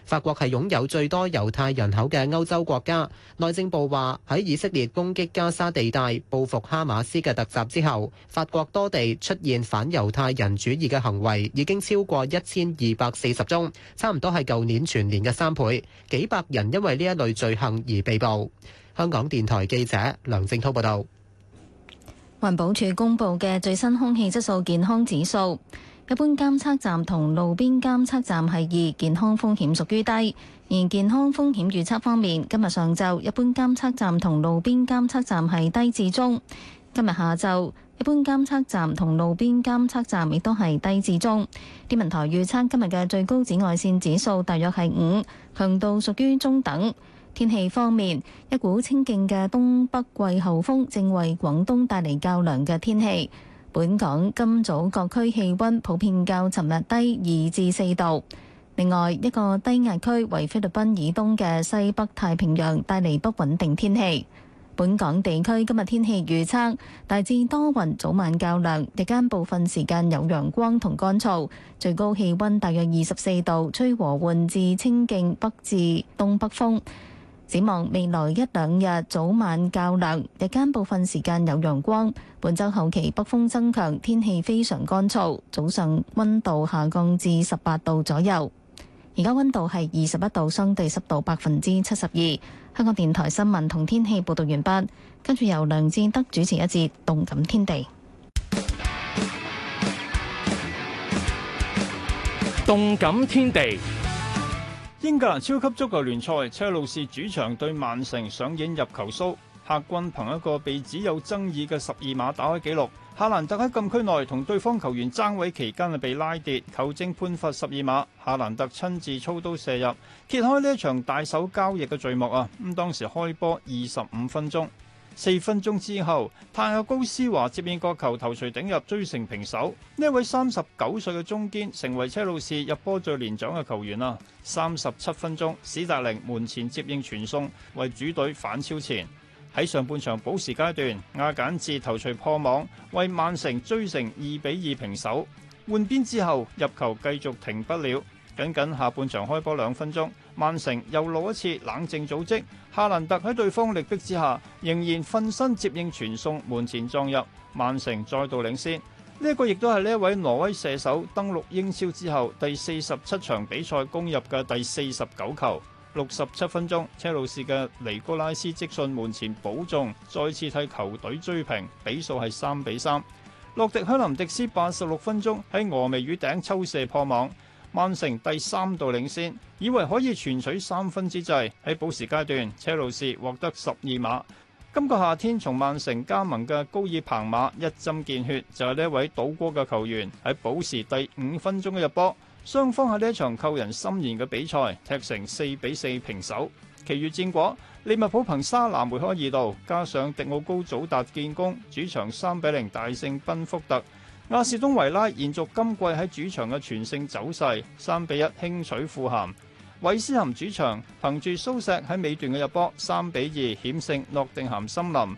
法國係擁有最多猶太人口嘅歐洲國家，內政部話喺以色列攻擊加沙地帶報復哈馬斯嘅突襲之後，法國多地出現反猶太人主義嘅行為，已經超過一千二百四十宗，差唔多係舊年全年嘅三倍，幾百人因為呢一類罪行而被捕。香港電台記者梁正滔報導。環保署公布嘅最新空氣質素健康指數。一般監測站同路邊監測站係二，健康風險屬於低，而健康風險預測方面，今日上晝一般監測站同路邊監測站係低至中，今日下晝一般監測站同路邊監測站亦都係低至中。天文台預測今日嘅最高紫外線指數大約係五，強度屬於中等。天氣方面，一股清勁嘅東北季候風正為廣東帶嚟較涼嘅天氣。本港今早各區氣溫普遍較尋日低二至四度。另外，一個低壓區為菲律賓以東嘅西北太平洋帶嚟不穩定天氣。本港地區今日天氣預測大致多雲，早晚較涼，日間部分時間有陽光同乾燥，最高氣溫大約二十四度，吹和緩至清勁北至東北風。展望未來一兩日早晚較涼，日間部分時間有陽光。本周後期北風增強，天氣非常乾燥，早上溫度下降至十八度左右。而家溫度係二十一度，相對濕度百分之七十二。香港電台新聞同天氣報道完畢，跟住由梁志德主持一節《動感天地》。《動感天地》英格蘭超級足球聯賽，車路士主場對曼城上演入球騷，客軍憑一個被指有爭議嘅十二碼打開紀錄。夏蘭特喺禁區內同對方球員爭位期間啊被拉跌，球證判罰十二碼，夏蘭特親自操刀射入，揭開呢一場大手交易嘅序幕啊！咁當時開波二十五分鐘。四分鐘之後，泰亞高斯華接應角球頭槌頂入，追成平手。呢位三十九歲嘅中堅成為車路士入波最年長嘅球員啊，三十七分鐘，史達寧門前接應傳送為主隊反超前。喺上半場補時階段，亞簡治頭槌破網為曼城追成二比二平手。換邊之後，入球繼續停不了。僅僅下半場開波兩分鐘，曼城又攞一次冷靜組織。夏蘭特喺對方力逼之下，仍然瞓身接應傳送，門前撞入，曼城再度領先。呢一個亦都係呢一位挪威射手登陸英超之後第四十七場比賽攻入嘅第四十九球。六十七分鐘，車路士嘅尼哥拉斯積遜門前保中，再次替球隊追平，比數係三比三。洛迪克林迪斯八十六分鐘喺俄眉雨頂抽射破網。曼城第三度領先，以為可以全取三分之際，喺補時階段，車路士獲得十二碼。今個夏天從曼城加盟嘅高爾彭馬一針見血，就係、是、呢位倒戈嘅球員喺補時第五分鐘嘅入波。雙方喺呢一場扣人心弦嘅比賽踢成四比四平手。其餘戰果，利物浦憑沙拿梅開二度，加上迪奧高祖達建功，主場三比零大勝賓福特。阿士東維拉延續今季喺主場嘅全勝走勢，三比一輕取富咸。韋斯咸主場憑住蘇石喺尾段嘅入波，三比二險勝諾定咸森林。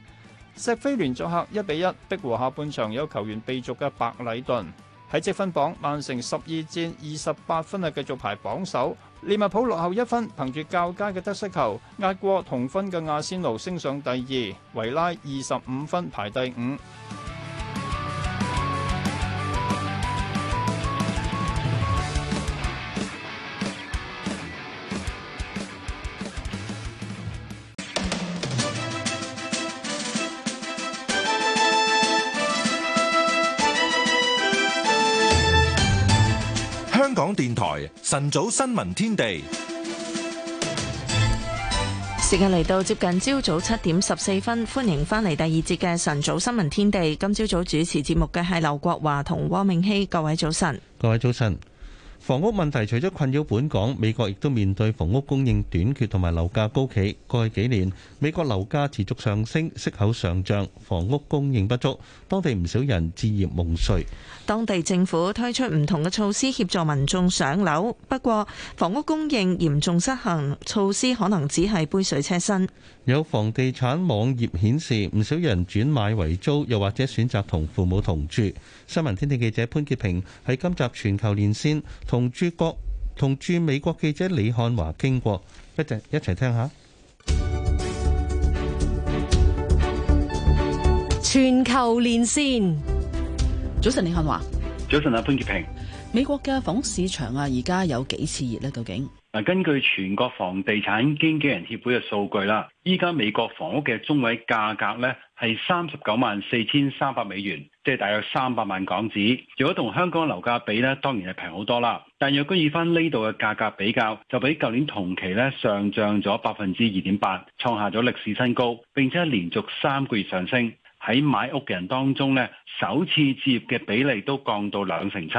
錫菲聯作客一比一逼和下半場有球員被逐嘅白禮頓。喺積分榜，曼城十二戰二十八分係繼續排榜首，利物浦落後一分，憑住較佳嘅得失球壓過同分嘅阿仙奴，升上第二。維拉二十五分排第五。晨早新聞天地，時間嚟到接近朝早七點十四分，歡迎翻嚟第二節嘅晨早新聞天地。今朝早主持節目嘅係劉國華同汪明熙。各位早晨，各位早晨。房屋問題除咗困擾本港，美國亦都面對房屋供應短缺同埋樓價高企。過去幾年，美國樓價持續上升，息口上漲，房屋供應不足，當地唔少人置業夢碎。當地政府推出唔同嘅措施協助民眾上樓，不過房屋供應嚴重失衡，措施可能只係杯水車薪。有房地產網頁顯示，唔少人轉買為租，又或者選擇同父母同住。新聞天地記者潘潔平喺今集全球連線同駐國同駐美國記者李漢華傾過，一齊一齊聽一下。全球連線，早晨，李漢華，早晨啊潘潔平。美國嘅房屋市場啊，而家有幾熾熱呢？究竟？根據全國房地產經紀人協會嘅數據啦，依家美國房屋嘅中位價格咧係三十九萬四千三百美元，即係大約三百萬港紙。如果同香港樓價比咧，當然係平好多啦。但若跟以翻呢度嘅價格比較，就比舊年同期咧上漲咗百分之二點八，創下咗歷史新高，並且連續三個月上升。喺買屋嘅人當中咧，首次置業嘅比例都降到兩成七。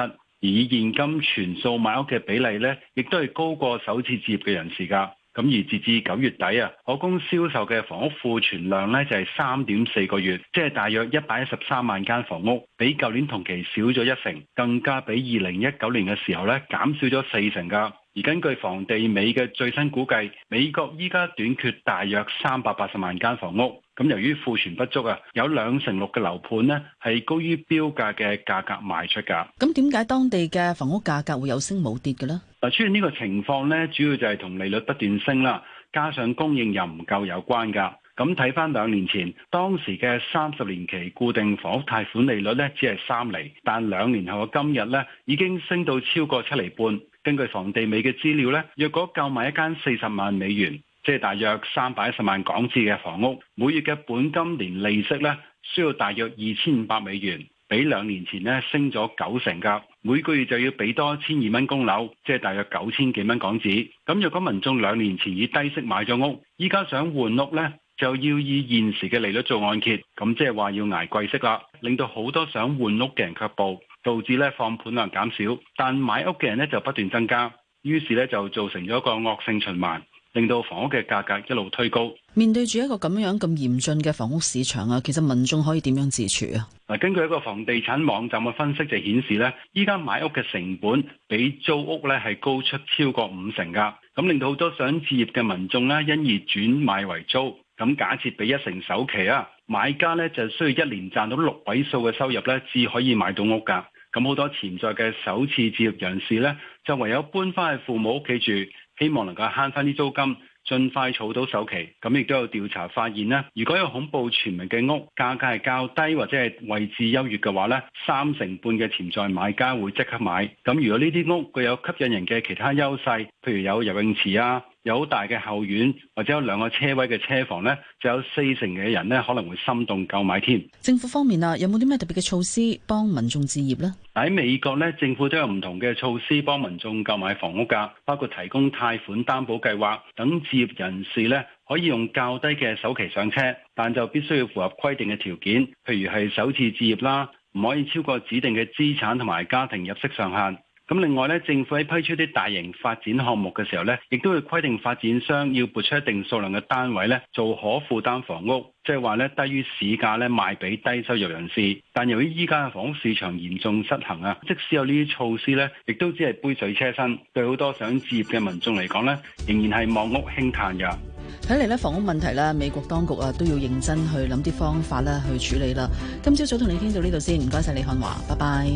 以現金全數買屋嘅比例呢，亦都係高過首次置業嘅人士噶。咁而截至九月底啊，可供銷售嘅房屋庫存量呢，就係三點四個月，即係大約一百一十三萬間房屋，比舊年同期少咗一成，更加比二零一九年嘅時候呢，減少咗四成噶。而根據房地美嘅最新估計，美國依家短缺大約三百八十萬間房屋。咁由於庫存不足啊，有兩成六嘅樓盤呢係高於標價嘅價格賣出㗎。咁點解當地嘅房屋價格會有升冇跌嘅呢？嗱，出現呢個情況呢，主要就係同利率不斷升啦，加上供應又唔夠有關㗎。咁睇返兩年前，當時嘅三十年期固定房屋貸款利率呢，只係三厘，但兩年後嘅今日呢，已經升到超過七厘半。根據房地美嘅資料呢，若果購買一間四十萬美元，即係大約三百一十萬港紙嘅房屋，每月嘅本金連利息呢，需要大約二千五百美元，比兩年前咧升咗九成㗎。每個月就要俾多千二蚊供樓，即係大約九千幾蚊港紙。咁若果民眾兩年前以低息買咗屋，依家想換屋呢，就要以現時嘅利率做按揭，咁即係話要捱貴息啦，令到好多想換屋嘅人卻步，導致呢放盤量減少，但買屋嘅人呢就不斷增加，於是呢就造成咗一個惡性循環。令到房屋嘅價格一路推高。面對住一個咁樣咁嚴峻嘅房屋市場啊，其實民眾可以點樣自處啊？嗱，根據一個房地產網站嘅分析就顯示咧，依家買屋嘅成本比租屋咧係高出超過五成噶。咁令到好多想置業嘅民眾呢，因而轉賣為租。咁假設俾一成首期啊，買家呢就需要一年賺到六位數嘅收入呢至可以買到屋噶。咁好多潛在嘅首次置業人士呢，就唯有搬翻去父母屋企住。希望能夠慳翻啲租金，盡快儲到首期。咁亦都有調查發現，呢如果有恐怖傳聞嘅屋，價格係較低或者係位置優越嘅話，呢三成半嘅潛在買家會即刻買。咁如果呢啲屋具有吸引人嘅其他優勢，譬如有游泳池啊。有好大嘅後院或者有兩個車位嘅車房呢，就有四成嘅人呢可能會心動購買添。政府方面啊，有冇啲咩特別嘅措施幫民眾置業呢？喺美國呢，政府都有唔同嘅措施幫民眾購買房屋㗎，包括提供貸款擔保計劃等，置業人士呢可以用較低嘅首期上車，但就必須要符合規定嘅條件，譬如係首次置業啦，唔可以超過指定嘅資產同埋家庭入息上限。咁另外咧，政府喺批出啲大型發展項目嘅時候咧，亦都會規定發展商要撥出一定數量嘅單位咧，做可負擔房屋，即係話咧低於市價咧賣俾低收入人士。但由於依家嘅房屋市場嚴重失衡啊，即使有呢啲措施咧，亦都只係杯水車薪，對好多想置業嘅民眾嚟講咧，仍然係望屋興嘆嘅。睇嚟咧，房屋問題啦，美國當局啊都要認真去諗啲方法啦，去處理啦。今朝早同你傾到呢度先，唔該晒。李漢華，拜拜，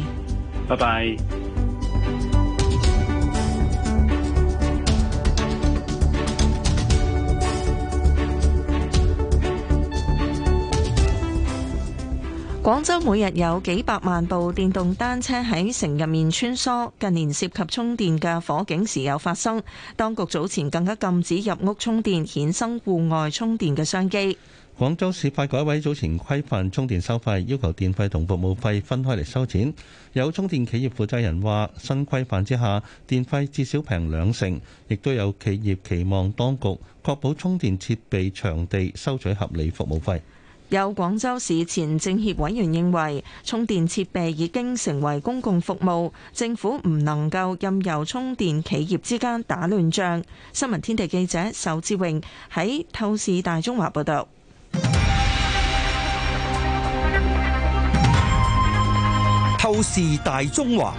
拜拜。廣州每日有幾百萬部電動單車喺城入面穿梭，近年涉及充電嘅火警時有發生。當局早前更加禁止入屋充電，衍生戶外充電嘅商機。廣州市發改委早前規範充電收費，要求電費同服務費分開嚟收錢。有充電企業負責人話：新規範之下，電費至少平兩成。亦都有企業期望當局確保充電設備、場地收取合理服務費。有廣州市前政協委員認為，充電設備已經成為公共服務，政府唔能夠任由充電企業之間打亂仗。新聞天地記者仇志榮喺透視大中華報導。透視大中華。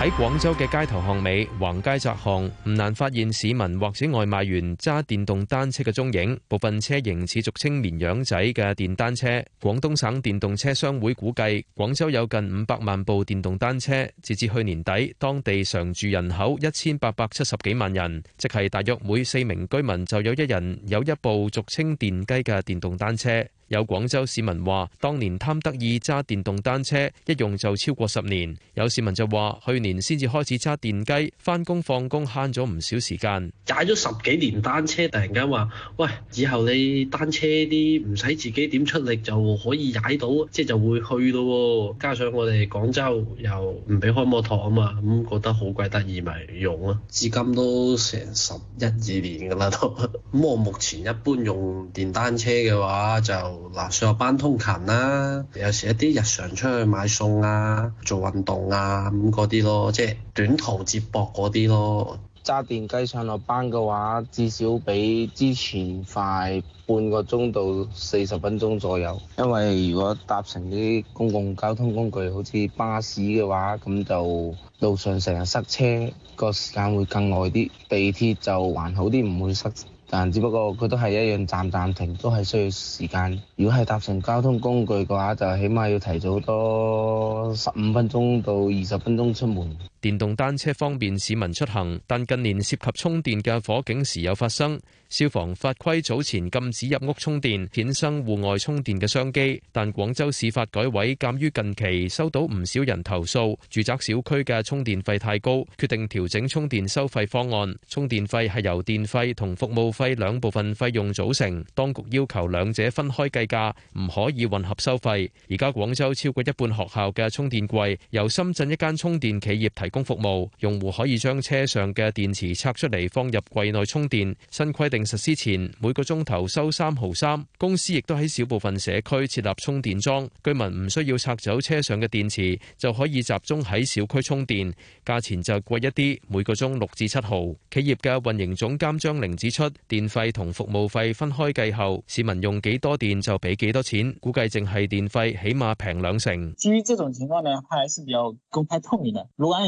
喺廣州嘅街頭巷尾、橫街窄巷，唔難發現市民或者外賣員揸電動單車嘅蹤影。部分車型似俗稱綿羊仔嘅電單車。廣東省電動車商會估計，廣州有近五百萬部電動單車。截至去年底，當地常住人口一千八百七十幾萬人，即係大約每四名居民就有一人有一部俗稱電雞嘅電動單車。有廣州市民話，當年貪得意揸電動單車，一用就超過十年。有市民就話，去年先至開始揸電雞，翻工放工慳咗唔少時間。踩咗十幾年單車，突然間話，喂，以後你單車啲唔使自己點出力就可以踩到，即係就會去咯。加上我哋廣州又唔俾開摩托啊嘛，咁覺得好鬼得意，咪用咯。至今都成十一二年噶啦都。咁我目前一般用電單車嘅話就。嗱，上落班通勤啦、啊，有時一啲日常出去買餸啊、做運動啊咁嗰啲咯，即係短途接駁嗰啲咯。揸電雞上落班嘅話，至少比之前快半個鐘到四十分鐘左右。因為如果搭乘啲公共交通工具，好似巴士嘅話，咁就路上成日塞車，個時間會更耐啲。地鐵就還好啲，唔會塞。但只不過，佢都係一樣站站停，都係需要時間。如果係搭乘交通工具嘅話，就起碼要提早多十五分鐘到二十分鐘出門。電動單車方便市民出行，但近年涉及充電嘅火警時有發生。消防法規早前禁止入屋充電，衍生戶外充電嘅商機。但廣州市發改委鑒於近期收到唔少人投訴，住宅小區嘅充電費太高，決定調整充電收費方案。充電費係由電費同服務費兩部分費用組成，當局要求兩者分開計價，唔可以混合收費。而家廣州超過一半學校嘅充電櫃由深圳一間充電企業提提供服務，用戶可以將車上嘅電池拆出嚟放入櫃內充電。新規定實施前，每個鐘頭收三毫三。公司亦都喺小部分社區設立充電樁，居民唔需要拆走車上嘅電池，就可以集中喺小區充電，價錢就貴一啲，每個鐘六至七毫。企業嘅運營總監張玲指出，電費同服務費分開計後，市民用幾多電就俾幾多錢，估計淨係電費起碼平兩成。至於這種情況呢，它還是比較公開透明的。如果按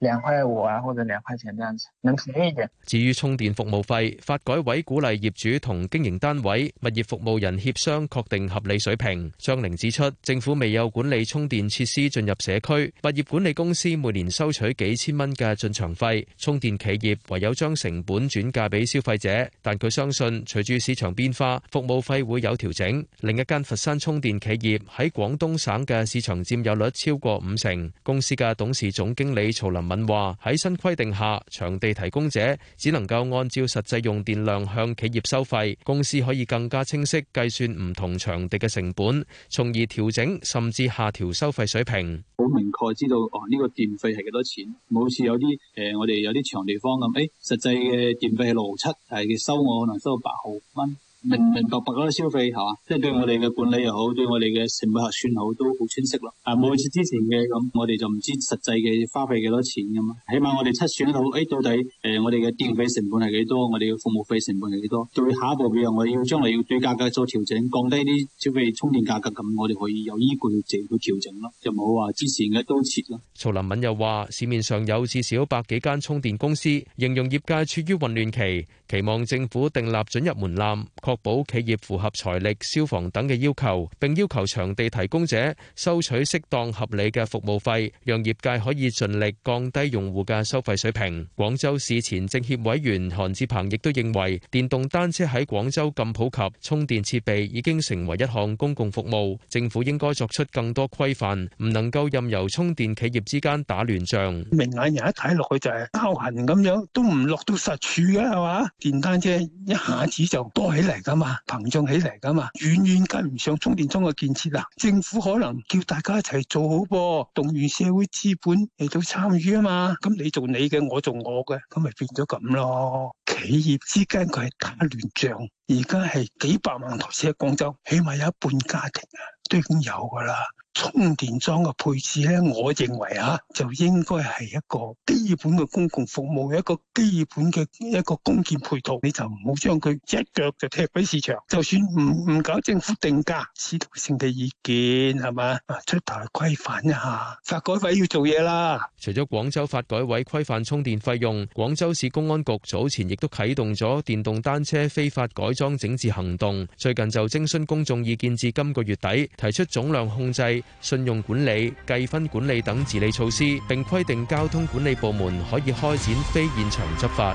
兩塊五啊，或者兩塊錢咁樣子，能便宜啲。至於充電服務費，發改委鼓勵業主同經營單位、物業服務人協商確定合理水平。張玲指出，政府未有管理充電設施進入社區，物業管理公司每年收取幾千蚊嘅進場費，充電企業唯有將成本轉嫁俾消費者。但佢相信，隨住市場變化，服務費會有調整。另一間佛山充電企業喺廣東省嘅市場佔有率超過五成，公司嘅董事總經理曹林。敏話喺新規定下，場地提供者只能夠按照實際用電量向企業收費，公司可以更加清晰計算唔同場地嘅成本，從而調整甚至下調收費水平。好明確知道哦，呢、這個電費係幾多錢？好似有啲誒、呃，我哋有啲場地方咁，誒、哎，實際嘅電費係六毫七，但係佢收我可能收到八毫蚊。明明白白消費吓，即係對我哋嘅管理又好，對我哋嘅成本核算又好，都好清晰咯。啊，冇好似之前嘅咁，嗯，我哋就唔知實際嘅花費幾多錢咁啊。起碼我哋測算到，誒、哎、到底誒、呃、我哋嘅電費成本係幾多，我哋嘅服務費成本係幾多。對下一步譬如我要將來要對價格做調整，降低啲消費充電價格，咁，嗯、我哋可以有依據去調整咯，就冇話之前嘅都切咯。曹林敏又話，市面上有至少百幾間充電公司，形容業界處於混亂期，期望政府訂立准入門檻。確保企業符合財力、消防等嘅要求，並要求場地提供者收取適當合理嘅服務費，讓業界可以盡力降低用戶嘅收費水平。廣州市前政協委員韓志鵬亦都認為，電動單車喺廣州咁普及，充電設備已經成為一項公共服務，政府應該作出更多規範，唔能夠任由充電企業之間打亂仗。明眼人一睇落去就係膠痕咁樣，都唔落到實處嘅係嘛？電單車一下子就多起嚟。噶嘛，膨脹起嚟噶嘛，遠遠跟唔上充電樁嘅建設啦。政府可能叫大家一齊做好噃，動員社會資本嚟到參與啊嘛，咁、嗯、你做你嘅，我做我嘅，咁咪變咗咁咯。企業之間佢係打亂仗，而家係幾百萬台車喺廣州，起碼有一半家庭啊都已經有噶啦。充電樁嘅配置咧，我認為啊，就應該係一個基本嘅公共服務，一個基本嘅一個公建配套，你就唔好將佢一腳就踢俾市場。就算唔唔搞政府定價，指導性嘅意見係嘛啊，出台規範一下，發改委要做嘢啦。除咗廣州發改委規範充電費用，廣州市公安局早前亦都啟動咗電動單車非法改裝整治行動，最近就徵詢公眾意見至今個月底，提出總量控制。信用管理、計分管理等治理措施，並規定交通管理部門可以開展非現場執法。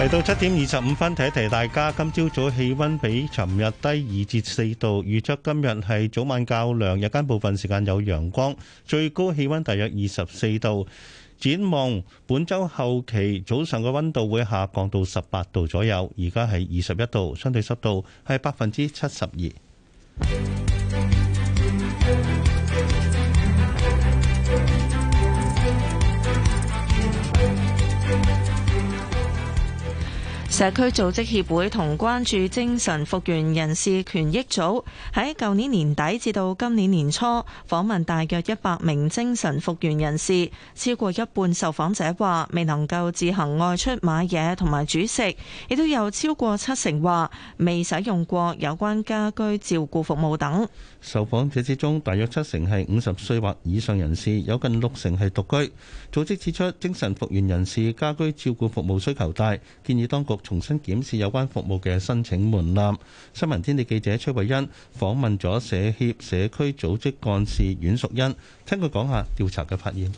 嚟到七點二十五分，提一提大家，今朝早氣温比尋日低二至四度，預測今日係早晚較涼，日間部分時間有陽光，最高氣温大約二十四度。展望本周後期早上嘅溫度會下降到十八度左右，而家係二十一度，相對濕度係百分之七十二。社區組織協會同關注精神復原人士權益組，喺舊年年底至到今年年初訪問大約一百名精神復原人士，超過一半受訪者話未能夠自行外出買嘢同埋煮食，亦都有超過七成話未使用過有關家居照顧服務等。受訪者之中，大約七成係五十歲或以上人士，有近六成係獨居。組織指出，精神復原人士家居照顧服務需求大，建議當局，重新檢視有關服務嘅申請門檻。新聞天地記者崔慧欣訪問咗社協社區組織幹事阮淑欣，聽佢講下調查嘅發現。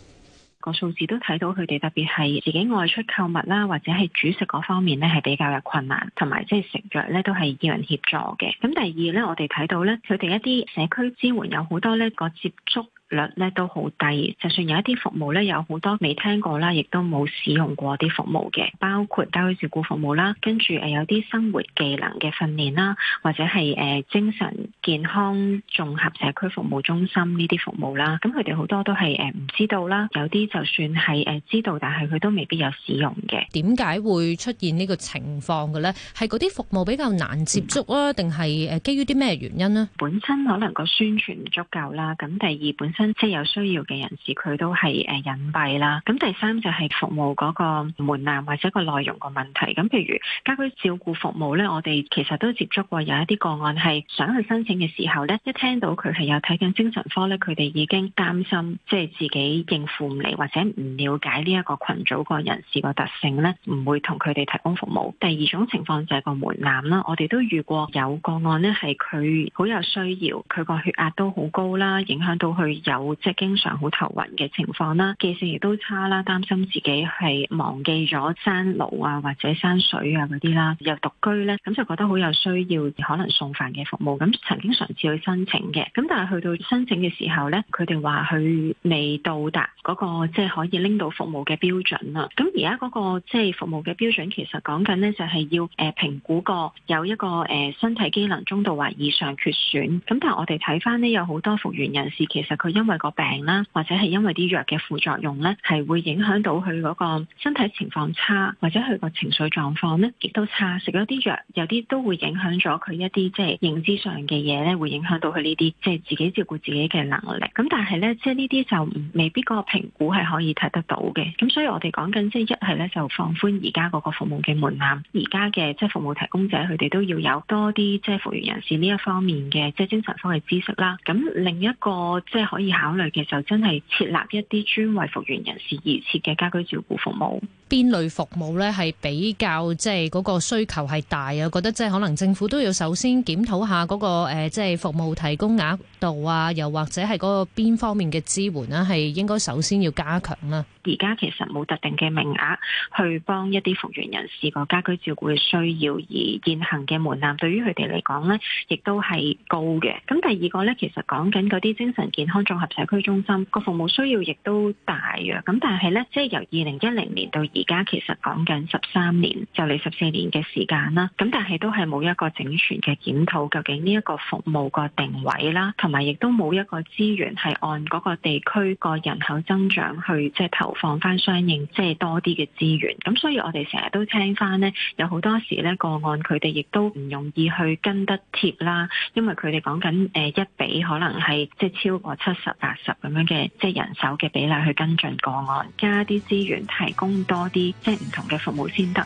個數字都睇到佢哋特別係自己外出購物啦，或者係煮食嗰方面呢，係比較有困難，同埋即係食藥呢都係要人協助嘅。咁第二呢，我哋睇到呢，佢哋一啲社區支援有好多呢個接觸。率咧都好低，就算有一啲服務咧，有好多未聽過啦，亦都冇使用過啲服務嘅，包括家居照顧服務啦，跟住誒有啲生活技能嘅訓練啦，或者係誒精神健康綜合社區服務中心呢啲服務啦，咁佢哋好多都係誒唔知道啦，有啲就算係誒知道，但係佢都未必有使用嘅。點解會出現呢個情況嘅咧？係嗰啲服務比較難接觸啊，定係誒基於啲咩原因呢？本身可能個宣傳唔足夠啦，咁第二本身。即有需要嘅人士，佢都係誒隱蔽啦。咁第三就係、是、服務嗰個門檻或者個內容個問題。咁譬如家居照顧服務呢，我哋其實都接觸過有一啲個案係想去申請嘅時候呢，一聽到佢係有睇緊精神科呢，佢哋已經擔心即係、就是、自己應付唔嚟，或者唔了解呢一個群組個人士個特性呢，唔會同佢哋提供服務。第二種情況就係個門檻啦，我哋都遇過有個案呢，係佢好有需要，佢個血壓都好高啦，影響到佢。有即係經常好頭暈嘅情況啦，記性亦都差啦，擔心自己係忘記咗山爐啊或者山水啊嗰啲啦，又獨居咧，咁就覺得好有需要可能送飯嘅服務，咁曾經嘗試去申請嘅，咁但係去到申請嘅時候咧，佢哋話佢未到達嗰個即係可以拎到服務嘅標準啦。咁而家嗰個即係服務嘅標準其實講緊咧就係要誒評估過有一個誒身體機能中度或以上缺損，咁但係我哋睇翻咧有好多復原人士，其實佢一因為個病啦，或者係因為啲藥嘅副作用咧，係會影響到佢嗰個身體情況差，或者佢個情緒狀況咧亦都差。食咗啲藥，有啲都會影響咗佢一啲即係認知上嘅嘢咧，會影響到佢呢啲即係自己照顧自己嘅能力。咁但係咧，即係呢啲就未必個評估係可以睇得到嘅。咁所以我哋講緊即係一係咧就放寬而家嗰個服務嘅門檻，而家嘅即係服務提供者佢哋都要有多啲即係服務人士呢一方面嘅即係精神科嘅知識啦。咁另一個即係可以。考慮嘅就真係設立一啲專為復員人士而設嘅家居照顧服務。邊類服務呢？係比較，即係嗰個需求係大啊？我覺得即係可能政府都要首先檢討下嗰、那個誒、即、呃、係、就是、服務提供額度啊，又或者係嗰個邊方面嘅支援咧，係應該首先要加強啦、啊。而家其實冇特定嘅名額去幫一啲復原人士個家居照顧嘅需要，而現行嘅門檻對於佢哋嚟講呢，亦都係高嘅。咁第二個呢，其實講緊嗰啲精神健康綜合社區中心個服務需要亦都大嘅。咁但係呢，即係由二零一零年到而家，其實講緊十三年就嚟十四年嘅時間啦。咁但係都係冇一個整全嘅檢討，究竟呢一個服務個定位啦，同埋亦都冇一個資源係按嗰個地區個人口增長去即係投，放翻相應即係、就是、多啲嘅資源，咁所以我哋成日都聽翻呢，有好多時呢個案佢哋亦都唔容易去跟得貼啦，因為佢哋講緊誒一比可能係即係超過七十八十咁樣嘅即係人手嘅比例去跟進個案，加啲資源提供多啲即係唔同嘅服務先得。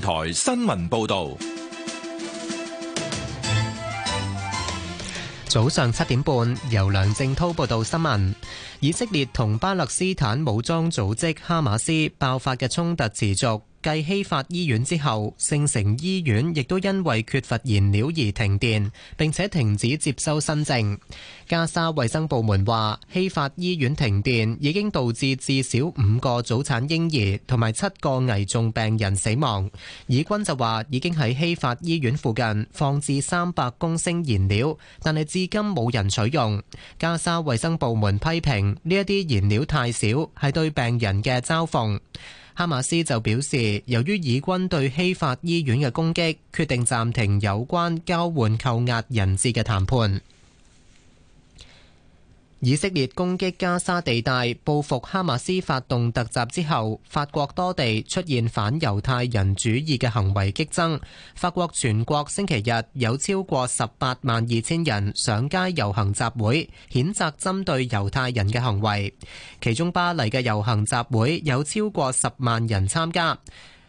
台新聞報道，早上七點半由梁正滔報道新聞：以色列同巴勒斯坦武裝組織哈馬斯爆發嘅衝突持續。繼希法醫院之後，聖城醫院亦都因為缺乏燃料而停電，並且停止接收新症。加沙衛生部門話，希法醫院停電已經導致至少五個早產嬰兒同埋七個危重病人死亡。以軍就話已經喺希法醫院附近放置三百公升燃料，但係至今冇人取用。加沙衛生部門批評呢一啲燃料太少，係對病人嘅嘲諷。哈馬斯就表示，由於以軍對希法醫院嘅攻擊，決定暫停有關交換扣押人質嘅談判。以色列攻擊加沙地帶，報復哈馬斯發動突襲之後，法國多地出現反猶太人主義嘅行為激增。法國全國星期日有超過十八萬二千人上街遊行集會，譴責針對猶太人嘅行為。其中巴黎嘅遊行集會有超過十萬人參加。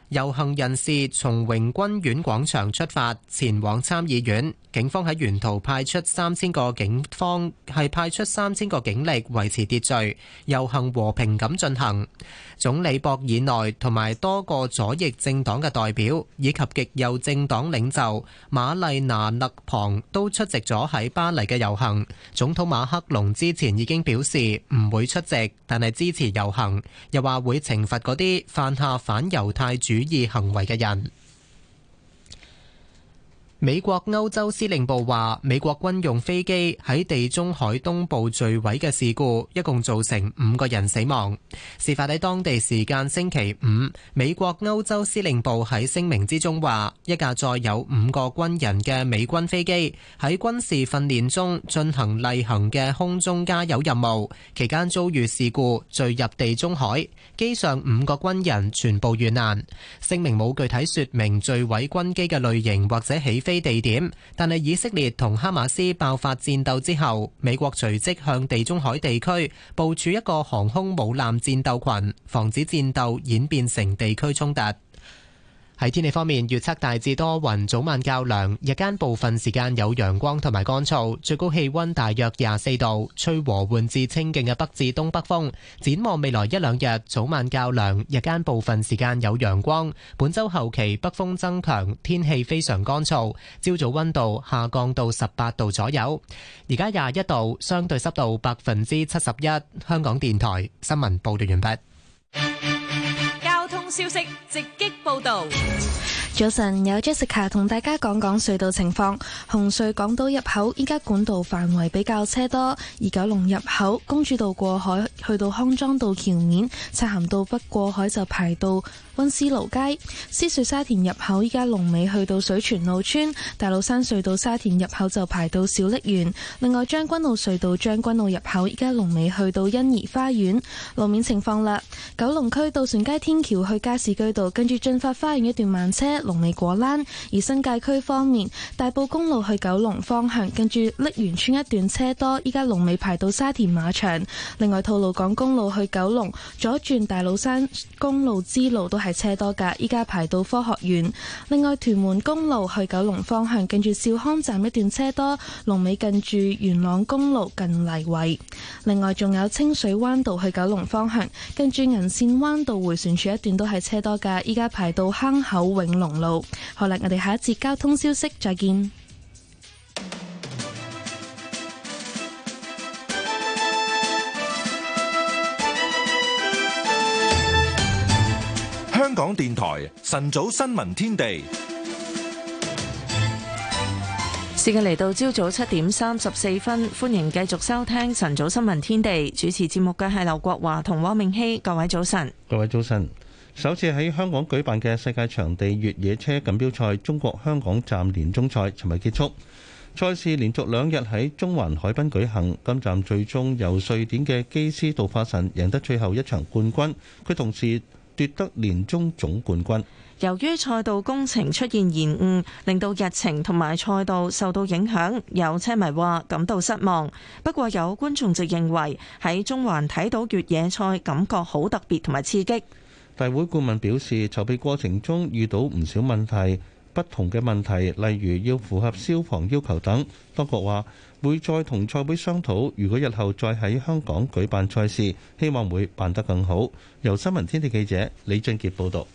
遊行人士從榮軍院廣場出發，前往參議院。警方喺沿途派出三千個警方，係派出三千個警力維持秩序。遊行和平咁進行。總理博爾內同埋多個左翼政黨嘅代表，以及極右政黨領袖馬麗娜勒龐都出席咗喺巴黎嘅遊行。總統馬克龍之前已經表示唔會出席，但係支持遊行，又話會懲罰嗰啲犯下反猶太主主義行為嘅人。美國歐洲司令部話，美國軍用飛機喺地中海東部墜毀嘅事故，一共造成五個人死亡。事發喺當地時間星期五。美國歐洲司令部喺聲明之中話，一架載有五個軍人嘅美軍飛機喺軍事訓練中進行例行嘅空中加油任務，期間遭遇事故墜入地中海，機上五個軍人全部遇難。聲明冇具體說明墜毀軍機嘅類型或者起。非地點，但係以色列同哈馬斯爆發戰鬥之後，美國隨即向地中海地區部署一個航空母艦戰鬥群，防止戰鬥演變成地區衝突。喺天氣方面，預測大致多雲，早晚較涼，日間部分時間有陽光同埋乾燥，最高氣溫大約廿四度，吹和緩至清勁嘅北至東北風。展望未來一兩日，早晚較涼，日間部分時間有陽光。本周後期北風增強，天氣非常乾燥，朝早溫度下降到十八度左右，而家廿一度，相對濕度百分之七十一。香港電台新聞報道完畢。消息直擊報道。早晨，有 Jessica 同大家講講隧道情況。紅隧港島入口依家管道範圍比較車多，而九龍入口公主道過海去到康莊道橋面，漆咸道北過海就排到。溫思勞街、獅隧沙田入口依家龍尾去到水泉路村；大老山隧道沙田入口就排到小瀝源。另外將軍澳隧道將軍澳入口依家龍尾去到欣怡花園。路面情況啦，九龍區渡船街天橋去加士居道，跟住駿發花園一段慢車，龍尾果欄。而新界區方面，大埔公路去九龍方向，跟住瀝源村一段車多，依家龍尾排到沙田馬場。另外，吐露港公路去九龍左轉大老山公路支路都係。係車多噶，依家排到科學園。另外，屯門公路去九龍方向，近住兆康站一段車多；龍尾近住元朗公路近泥圍。另外，仲有清水灣道去九龍方向，近住銀線灣道回旋處一段都係車多噶。依家排到坑口永隆路。好啦，我哋下一節交通消息再見。香港電台晨早新聞天地，時間嚟到朝早七點三十四分，歡迎繼續收聽晨早新聞天地。主持節目嘅係劉國華同汪明熙，各位早晨，各位早晨。首次喺香港舉辦嘅世界場地越野車錦標賽中國香港站年終賽尋日結束，賽事連續兩日喺中環海濱舉行。今站最終由瑞典嘅基斯杜化神贏得最後一場冠軍，佢同時。奪得年終總冠軍。由於賽道工程出現延誤，令到日程同埋賽道受到影響，有車迷話感到失望。不過有觀眾就認為喺中環睇到越野賽，感覺好特別同埋刺激。大會顧問表示，籌備過程中遇到唔少問題，不同嘅問題，例如要符合消防要求等。當局話。會再同賽會商討，如果日後再喺香港舉辦賽事，希望會辦得更好。由新聞天地記者李俊傑報道。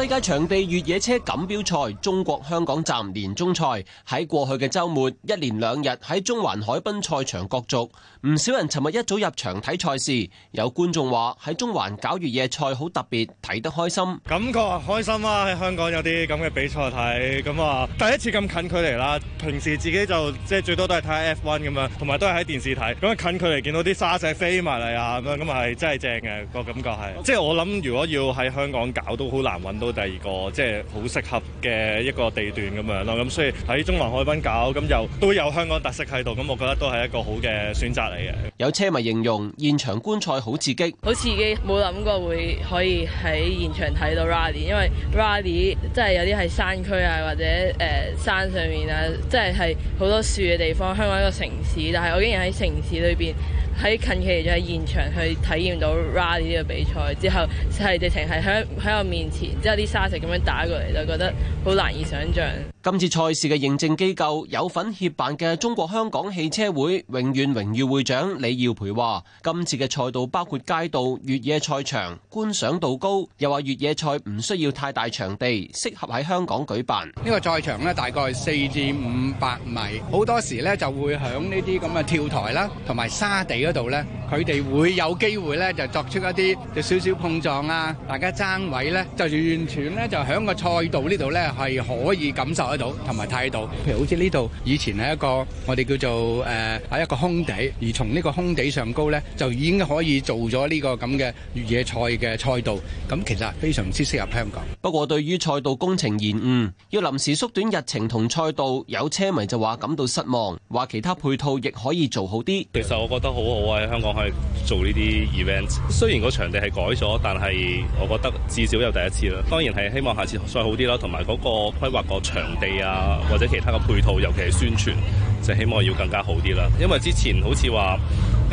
世界場地越野車錦標賽中國香港站年終賽喺過去嘅周末一連兩日喺中環海濱賽場角逐，唔少人尋日一早入場睇賽事。有觀眾話喺中環搞越野賽好特別，睇得開心，感覺開心啊。喺香港有啲咁嘅比賽睇，咁啊第一次咁近距離啦，平時自己就即係最多都係睇 F1 咁樣，同埋都係喺電視睇，咁近距離見到啲沙石飛埋嚟啊咁樣，咁啊係真係正嘅個感覺係，即係 Okay. 我諗如果要喺香港搞都好難搵到。第二個即係好適合嘅一個地段咁樣咯，咁所以喺中環海濱搞咁又都有香港特色喺度，咁我覺得都係一個好嘅選擇嚟嘅。有車迷形容現場觀賽好刺激，好刺激！冇諗過會可以喺現場睇到 Rally，因為 Rally 即係有啲係山區啊，或者誒、呃、山上面啊，即係係好多樹嘅地方。香港一個城市，但係我竟然喺城市裏邊。喺近期就喺現場去體驗到 Rally 呢個比賽之後，就係直情係喺喺我面前，之後啲沙石咁樣打過嚟，就覺得好難以想象。今次賽事嘅認證機構有份協辦嘅中國香港汽車會永遠榮譽會長李耀培話，今次嘅賽道包括街道、越野賽場，觀賞度高，又話越野賽唔需要太大場地，適合喺香港舉辦。呢個賽場咧大概係四至五百米，好多時咧就會響呢啲咁嘅跳台啦，同埋沙地。嗰度咧，佢哋會有機會咧，就作出一啲有少少碰撞啊，大家爭位咧，就完全咧就喺個賽道呢度咧係可以感受得到同埋態度。譬如好似呢度以前係一個我哋叫做誒喺一個空地，而從呢個空地上高咧就已經可以做咗呢個咁嘅越野賽嘅賽道。咁其實非常之適合香港。不過對於賽道工程延誤，要臨時縮短日程同賽道，有車迷就話感到失望，話其他配套亦可以做好啲。其實我覺得好。我喺香港係做呢啲 event，雖然個場地係改咗，但係我覺得至少有第一次啦。當然係希望下次再好啲啦，同埋嗰個規劃個場地啊，或者其他嘅配套，尤其係宣傳就希望要更加好啲啦。因為之前好似話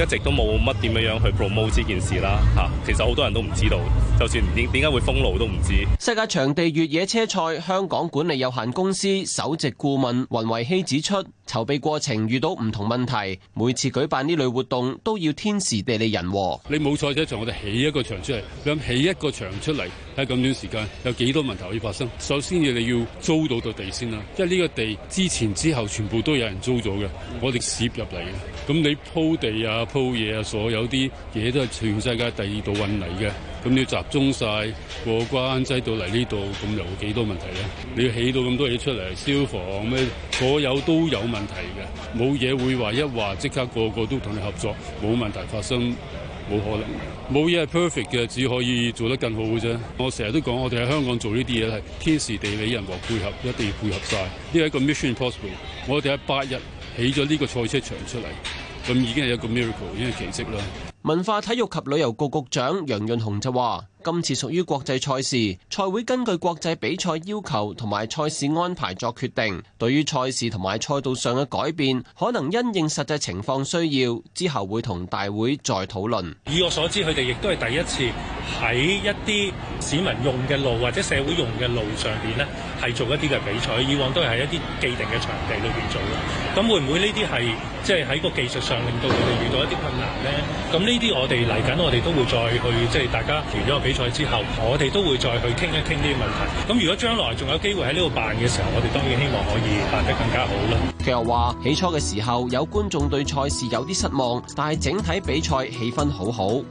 一直都冇乜點樣樣去 promote 呢件事啦，吓，其實好多人都唔知道，就算唔知點解會封路都唔知。世界場地越野車賽香港管理有限公司首席顧問云維希指出。籌備過程遇到唔同問題，每次舉辦呢類活動都要天時地利人和。你冇賽車場，我哋起一個場出嚟，咁起一個場出嚟喺咁短時間有幾多問題可以發生？首先要你要租到對地先啦，因為呢個地之前之後全部都有人租咗嘅，我哋攝入嚟嘅。咁你鋪地啊鋪嘢啊，所有啲嘢都係全世界第二度運嚟嘅。咁你要集中晒過關擠到嚟呢度，咁有幾多問題咧？你要起到咁多嘢出嚟，消防咩，所有都有問題嘅。冇嘢會話一話即刻個個都同你合作，冇問題發生，冇可能。冇嘢係 perfect 嘅，只可以做得更好嘅啫。我成日都講，我哋喺香港做呢啲嘢係天時地利人和配合，一定要配合晒，呢係一個 mission impossible，我哋喺八日起咗呢個賽車場出嚟，咁已經係一個 miracle，因為奇蹟啦。文化、體育及旅遊局局長楊潤雄就話：今次屬於國際賽事，賽會根據國際比賽要求同埋賽事安排作決定。對於賽事同埋賽道上嘅改變，可能因應實際情況需要，之後會同大會再討論。以我所知，佢哋亦都係第一次喺一啲市民用嘅路或者社會用嘅路上邊呢係做一啲嘅比賽。以往都係喺一啲既定嘅場地裏邊做嘅。咁會唔會呢啲係即係喺個技術上令到佢哋遇到一啲困難呢？咁呢啲我哋嚟緊，我哋都會再去即係、即係、大家完咗比在之後，我哋都會再去傾一傾呢個問題。咁如果將來仲有機會喺呢度辦嘅時候，我哋當然希望可以辦得更加好啦。佢又話起初嘅時候，有觀眾對賽事有啲失望，但係整體比賽氣氛好好。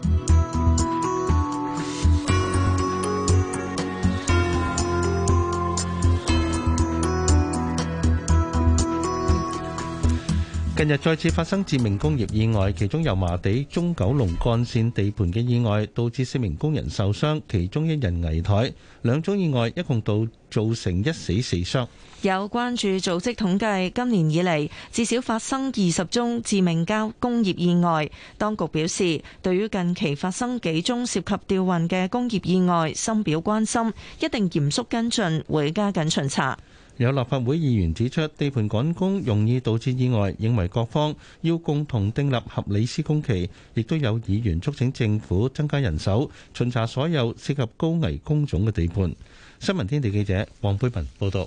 近日再次發生致命工業意外，其中油麻地，中九龍幹線地盤的意外，導致四名工人受傷，其中一人危殆，兩宗意外一共造成一死四傷。有關注組織統計，今年以來至少發生二十宗致命交工業意外。當局表示，對於近期發生幾宗涉及吊運的工業意外，深表關心，一定嚴肅跟進，會加緊巡查。有立法會議員指出，地盤趕工容易導致意外，認為各方要共同訂立合理施工期。亦都有議員促請政府增加人手，巡查所有涉及高危工種嘅地盤。新聞天地記者黃佩文報道。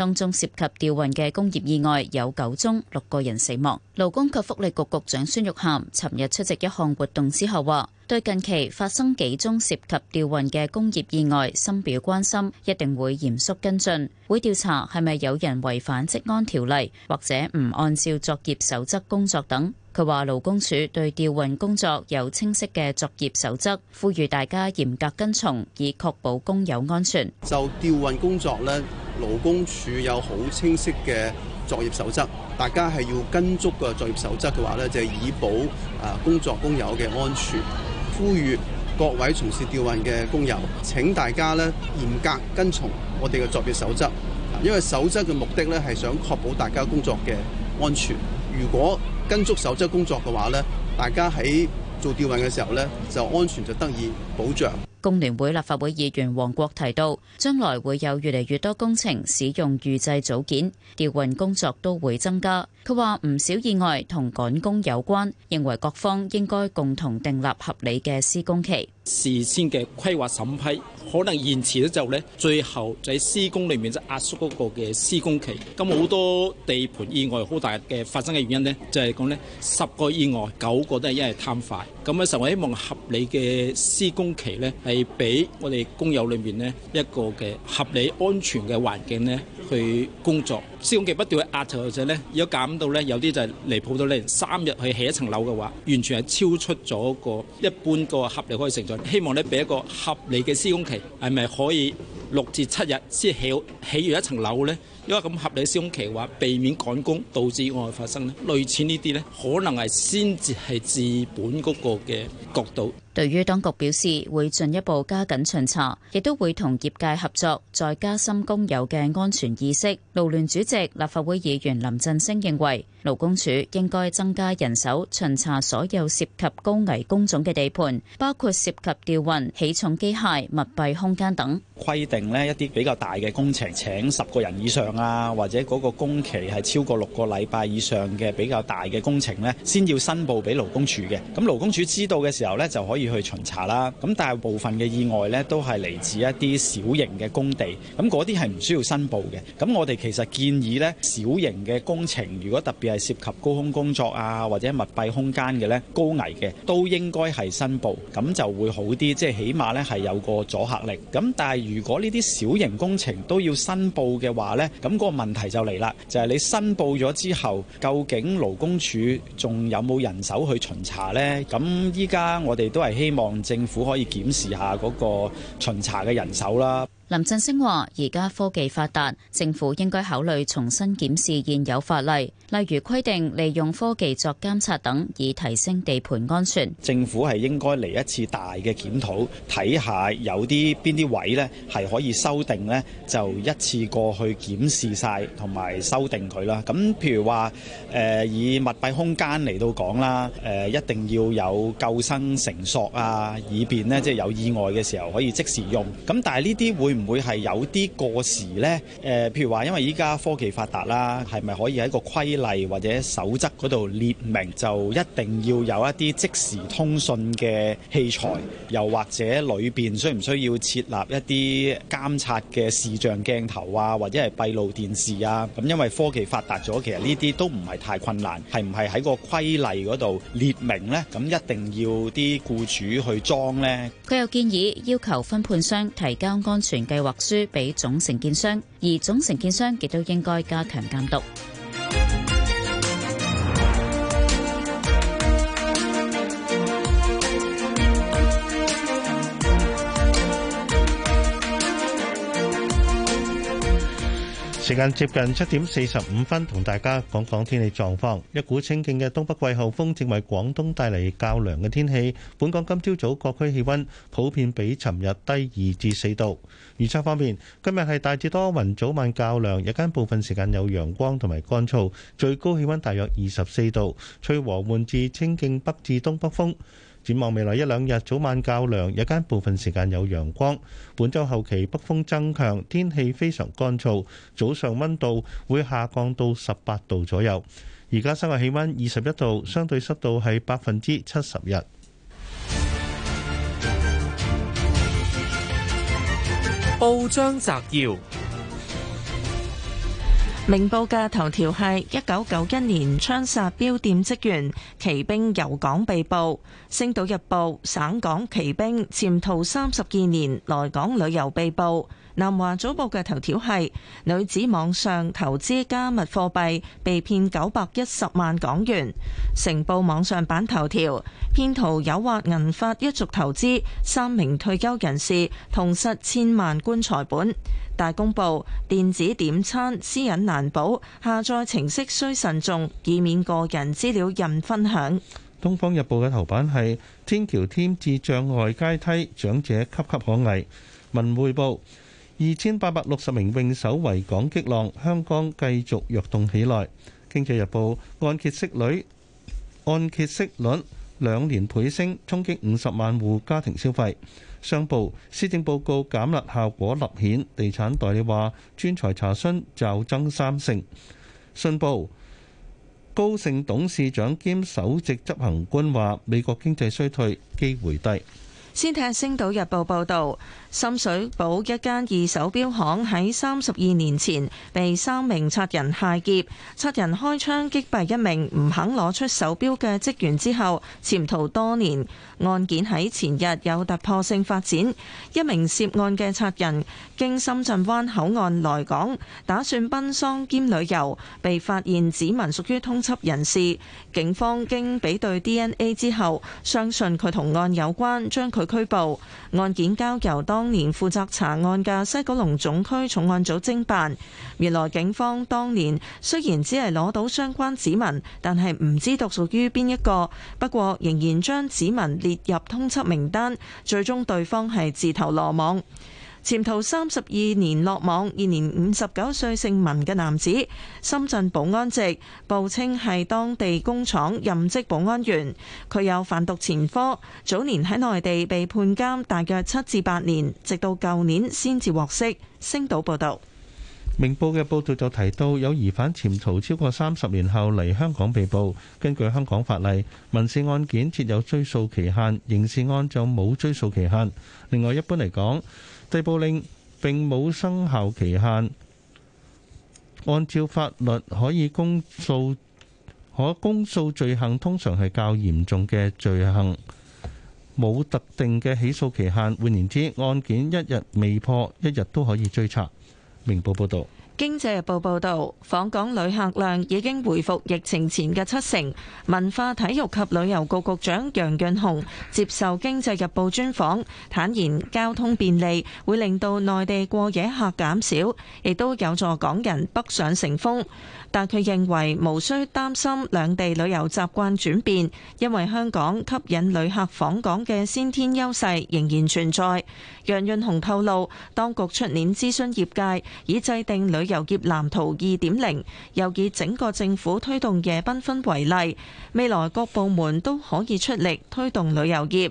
當中涉及吊運嘅工業意外有九宗，六個人死亡。勞工及福利局局長孫玉菡尋日出席一項活動之後話，對近期發生幾宗涉及吊運嘅工業意外深表關心，一定會嚴肅跟進，會調查係咪有人違反職安條例或者唔按照作業守則工作等。佢話：勞工處對吊運工作有清晰嘅作業守則，呼籲大家嚴格跟從，以確保工友安全。就吊運工作呢，勞工處有好清晰嘅作業守則，大家係要跟足個作業守則嘅話呢就係、是、以保啊工作工友嘅安全。呼籲各位從事吊運嘅工友，請大家呢嚴格跟從我哋嘅作業守則，因為守則嘅目的呢，係想確保大家工作嘅安全。如果跟足守則工作嘅話咧，大家喺做吊運嘅時候咧，就安全就得以保障。工聯會立法會議員黃國提到，將來會有越嚟越多工程使用預製組件，調運工作都會增加。佢話唔少意外同趕工有關，認為各方應該共同訂立合理嘅施工期。事先嘅規劃審批可能延遲咗之後呢，最後就喺施工裏面就壓縮嗰個嘅施工期。咁好多地盤意外好大嘅發生嘅原因呢，就係講呢十個意外九個都係因為貪快。咁嘅時候，我希望合理嘅施工期呢。係俾我哋工友裏面咧一個嘅合理安全嘅環境咧，去工作。施工期不斷去壓就係咧，如果減到咧，有啲就係離譜到咧，三日去起一層樓嘅話，完全係超出咗個一般個合理可以承載。希望咧俾一個合理嘅施工期，係咪可以六至七日先起起完一層樓咧？因為咁合理施工期嘅話，避免趕工導致意外發生咧。類似呢啲咧，可能係先至係治本嗰個嘅角度。對於當局表示會進一步加緊巡查，亦都會同業界合作，再加深工友嘅安全意識，勞聯主。立法會議員林振昇認為，勞工處應該增加人手巡查所有涉及高危工種嘅地盤，包括涉及吊運、起重機械、密閉空間等。規定呢一啲比較大嘅工程請十個人以上啊，或者嗰個工期係超過六個禮拜以上嘅比較大嘅工程呢，先要申報俾勞工處嘅。咁勞工處知道嘅時候呢，就可以去巡查啦。咁大部分嘅意外呢，都係嚟自一啲小型嘅工地，咁嗰啲係唔需要申報嘅。咁我哋其實建以咧小型嘅工程，如果特別係涉及高空工作啊，或者密閉空間嘅呢，高危嘅，都應該係申報，咁就會好啲，即係起碼呢係有個阻嚇力。咁但係如果呢啲小型工程都要申報嘅話呢，咁、那、嗰個問題就嚟啦，就係、是、你申報咗之後，究竟勞工處仲有冇人手去巡查呢？咁依家我哋都係希望政府可以檢視下嗰個巡查嘅人手啦。林振星話而家科技發達，政府應該考慮重新檢視現有法例，例如規定利用科技作監察等，以提升地盤安全。政府係應該嚟一次大嘅檢討，睇下有啲邊啲位咧係可以修訂咧，就一次過去檢視晒同埋修訂佢啦。咁譬如話誒、呃、以密閉空間嚟到講啦，誒、呃、一定要有救生繩索啊，以便咧即係有意外嘅時候可以即時用。咁但係呢啲會。唔會，係有啲過時咧？誒，譬如話，因為依家科技發達啦，係咪可以喺個規例或者守則嗰度列明，就一定要有一啲即時通訊嘅器材，又或者裏邊需唔需要設立一啲監察嘅視像鏡頭啊，或者係閉路電視啊？咁因為科技發達咗，其實呢啲都唔係太困難，係唔係喺個規例嗰度列明咧？咁一定要啲僱主去裝咧？佢又建議要求分判商提交安全計劃書俾總承建商，而總承建商亦都應該加強監督。時間接近七點四十五分，同大家講講天氣狀況。一股清勁嘅東北季候風正為廣東帶嚟較涼嘅天氣。本港今朝早各區氣温普遍比尋日低二至四度。預測方面，今日係大致多雲，早晚較涼，日間部分時間有陽光同埋乾燥。最高氣温大約二十四度，吹和緩至清勁北至東北風。展望未來一兩日，早晚較涼，日間部分時間有陽光。本週後期北風增強，天氣非常乾燥，早上溫度會下降到十八度左右。而家室外氣温二十一度，相對濕度係百分之七十日。報章摘要。明報嘅頭條係一九九一年槍殺錶店職員，旗兵遊港被捕；星島日報，省港旗兵潛逃三十二年，來港旅遊被捕。南華早報嘅頭條係女子網上投資加密貨幣被騙九百一十萬港元。成報網上版頭條：騙徒誘惑銀髮一族投資，三名退休人士痛失千萬棺材本。大公報：電子點餐私隱難保，下載程式，需慎、慎重，以免個人資料任分享。東方日報嘅頭版係天橋添置障礙階梯，長者岌岌可危。文匯報，二千八百六十名泳手為港激浪，香港繼續躍動起來。經濟日報，按揭息率按揭息率兩年倍升，衝擊五十萬戶家庭消費。商報，施政報告減辣效果立顯，地產代理話專才查詢驟增三成。信報，高盛董事長兼首席執行官話：美國經濟衰退機會低。先睇下《星島日報》報道。深水埗一間二手錶行喺三十二年前被三名賊人械劫，賊人開槍擊斃一名唔肯攞出手錶嘅職員之後，潛逃多年，案件喺前日有突破性發展，一名涉案嘅賊人經深圳灣口岸來港，打算奔喪兼旅遊，被發現指紋屬於通緝人士，警方經比對 DNA 之後，相信佢同案有關，將佢拘捕，案件交由當。當年負責查案嘅西九龍總區重案組偵辦，原來警方當年雖然只係攞到相關指紋，但係唔知道屬於邊一個，不過仍然將指紋列入通緝名單，最終對方係自投羅網。潛逃三十二年落網，現年五十九歲姓文嘅男子，深圳寶安籍，報稱係當地工廠任職保安員。佢有販毒前科，早年喺內地被判監大約七至八年，直到舊年先至獲釋。星島報道，明報嘅報道就提到，有疑犯潛逃超過三十年後嚟香港被捕。根據香港法例，民事案件設有追訴期限，刑事案就冇追訴期限。另外，一般嚟講，逮捕令並冇生效期限，按照法律可以公訴，可公訴罪行通常係較嚴重嘅罪行，冇特定嘅起訴期限。換言之，案件一日未破，一日都可以追查。明報報道。經濟日報報導，訪港旅客量已經回復疫情前嘅七成。文化體育及旅遊局局長楊潤雄接受經濟日報專訪，坦言交通便利會令到內地過夜客減少，亦都有助港人北上成風。但佢認為無需擔心兩地旅遊習慣轉變，因為香港吸引旅客訪港嘅先天優勢仍然存在。楊潤雄透露，當局出年諮詢業界，以制定旅遊業藍圖二點零，又以整個政府推動夜繽紛為例，未來各部門都可以出力推動旅遊業。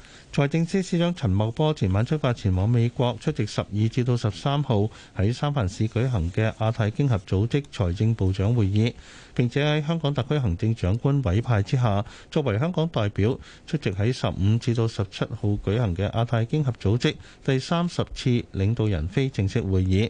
財政司司長陳茂波前晚出發前往美國出席十二至到十三號喺三藩市舉行嘅亞太經合組織財政部長會議，並且喺香港特區行政長官委派之下，作為香港代表出席喺十五至到十七號舉行嘅亞太經合組織第三十次領導人非正式會議。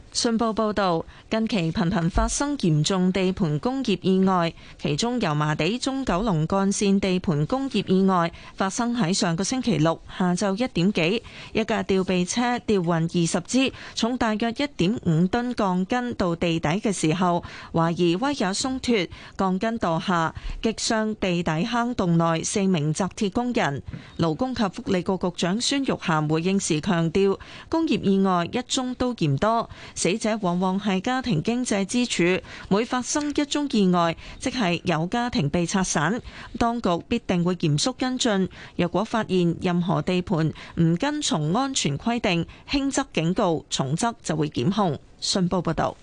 信報報導，近期頻頻發生嚴重地盤工業意外，其中油麻地中九龍幹線地盤工業意外發生喺上個星期六下晝一點幾，一架吊臂車吊運二十支重大約一點五噸鋼筋到地底嘅時候，懷疑威也鬆脱，鋼筋墮下，擊傷地底坑洞內四名紮鐵工人。勞工及福利局局長孫玉菡回應時強調，工業意外一宗都嫌多。死者往往係家庭經濟支柱，每發生一宗意外，即係有家庭被拆散，當局必定會嚴肅跟進。若果發現任何地盤唔跟從安全規定，輕則警告，重則就會檢控。信報報道，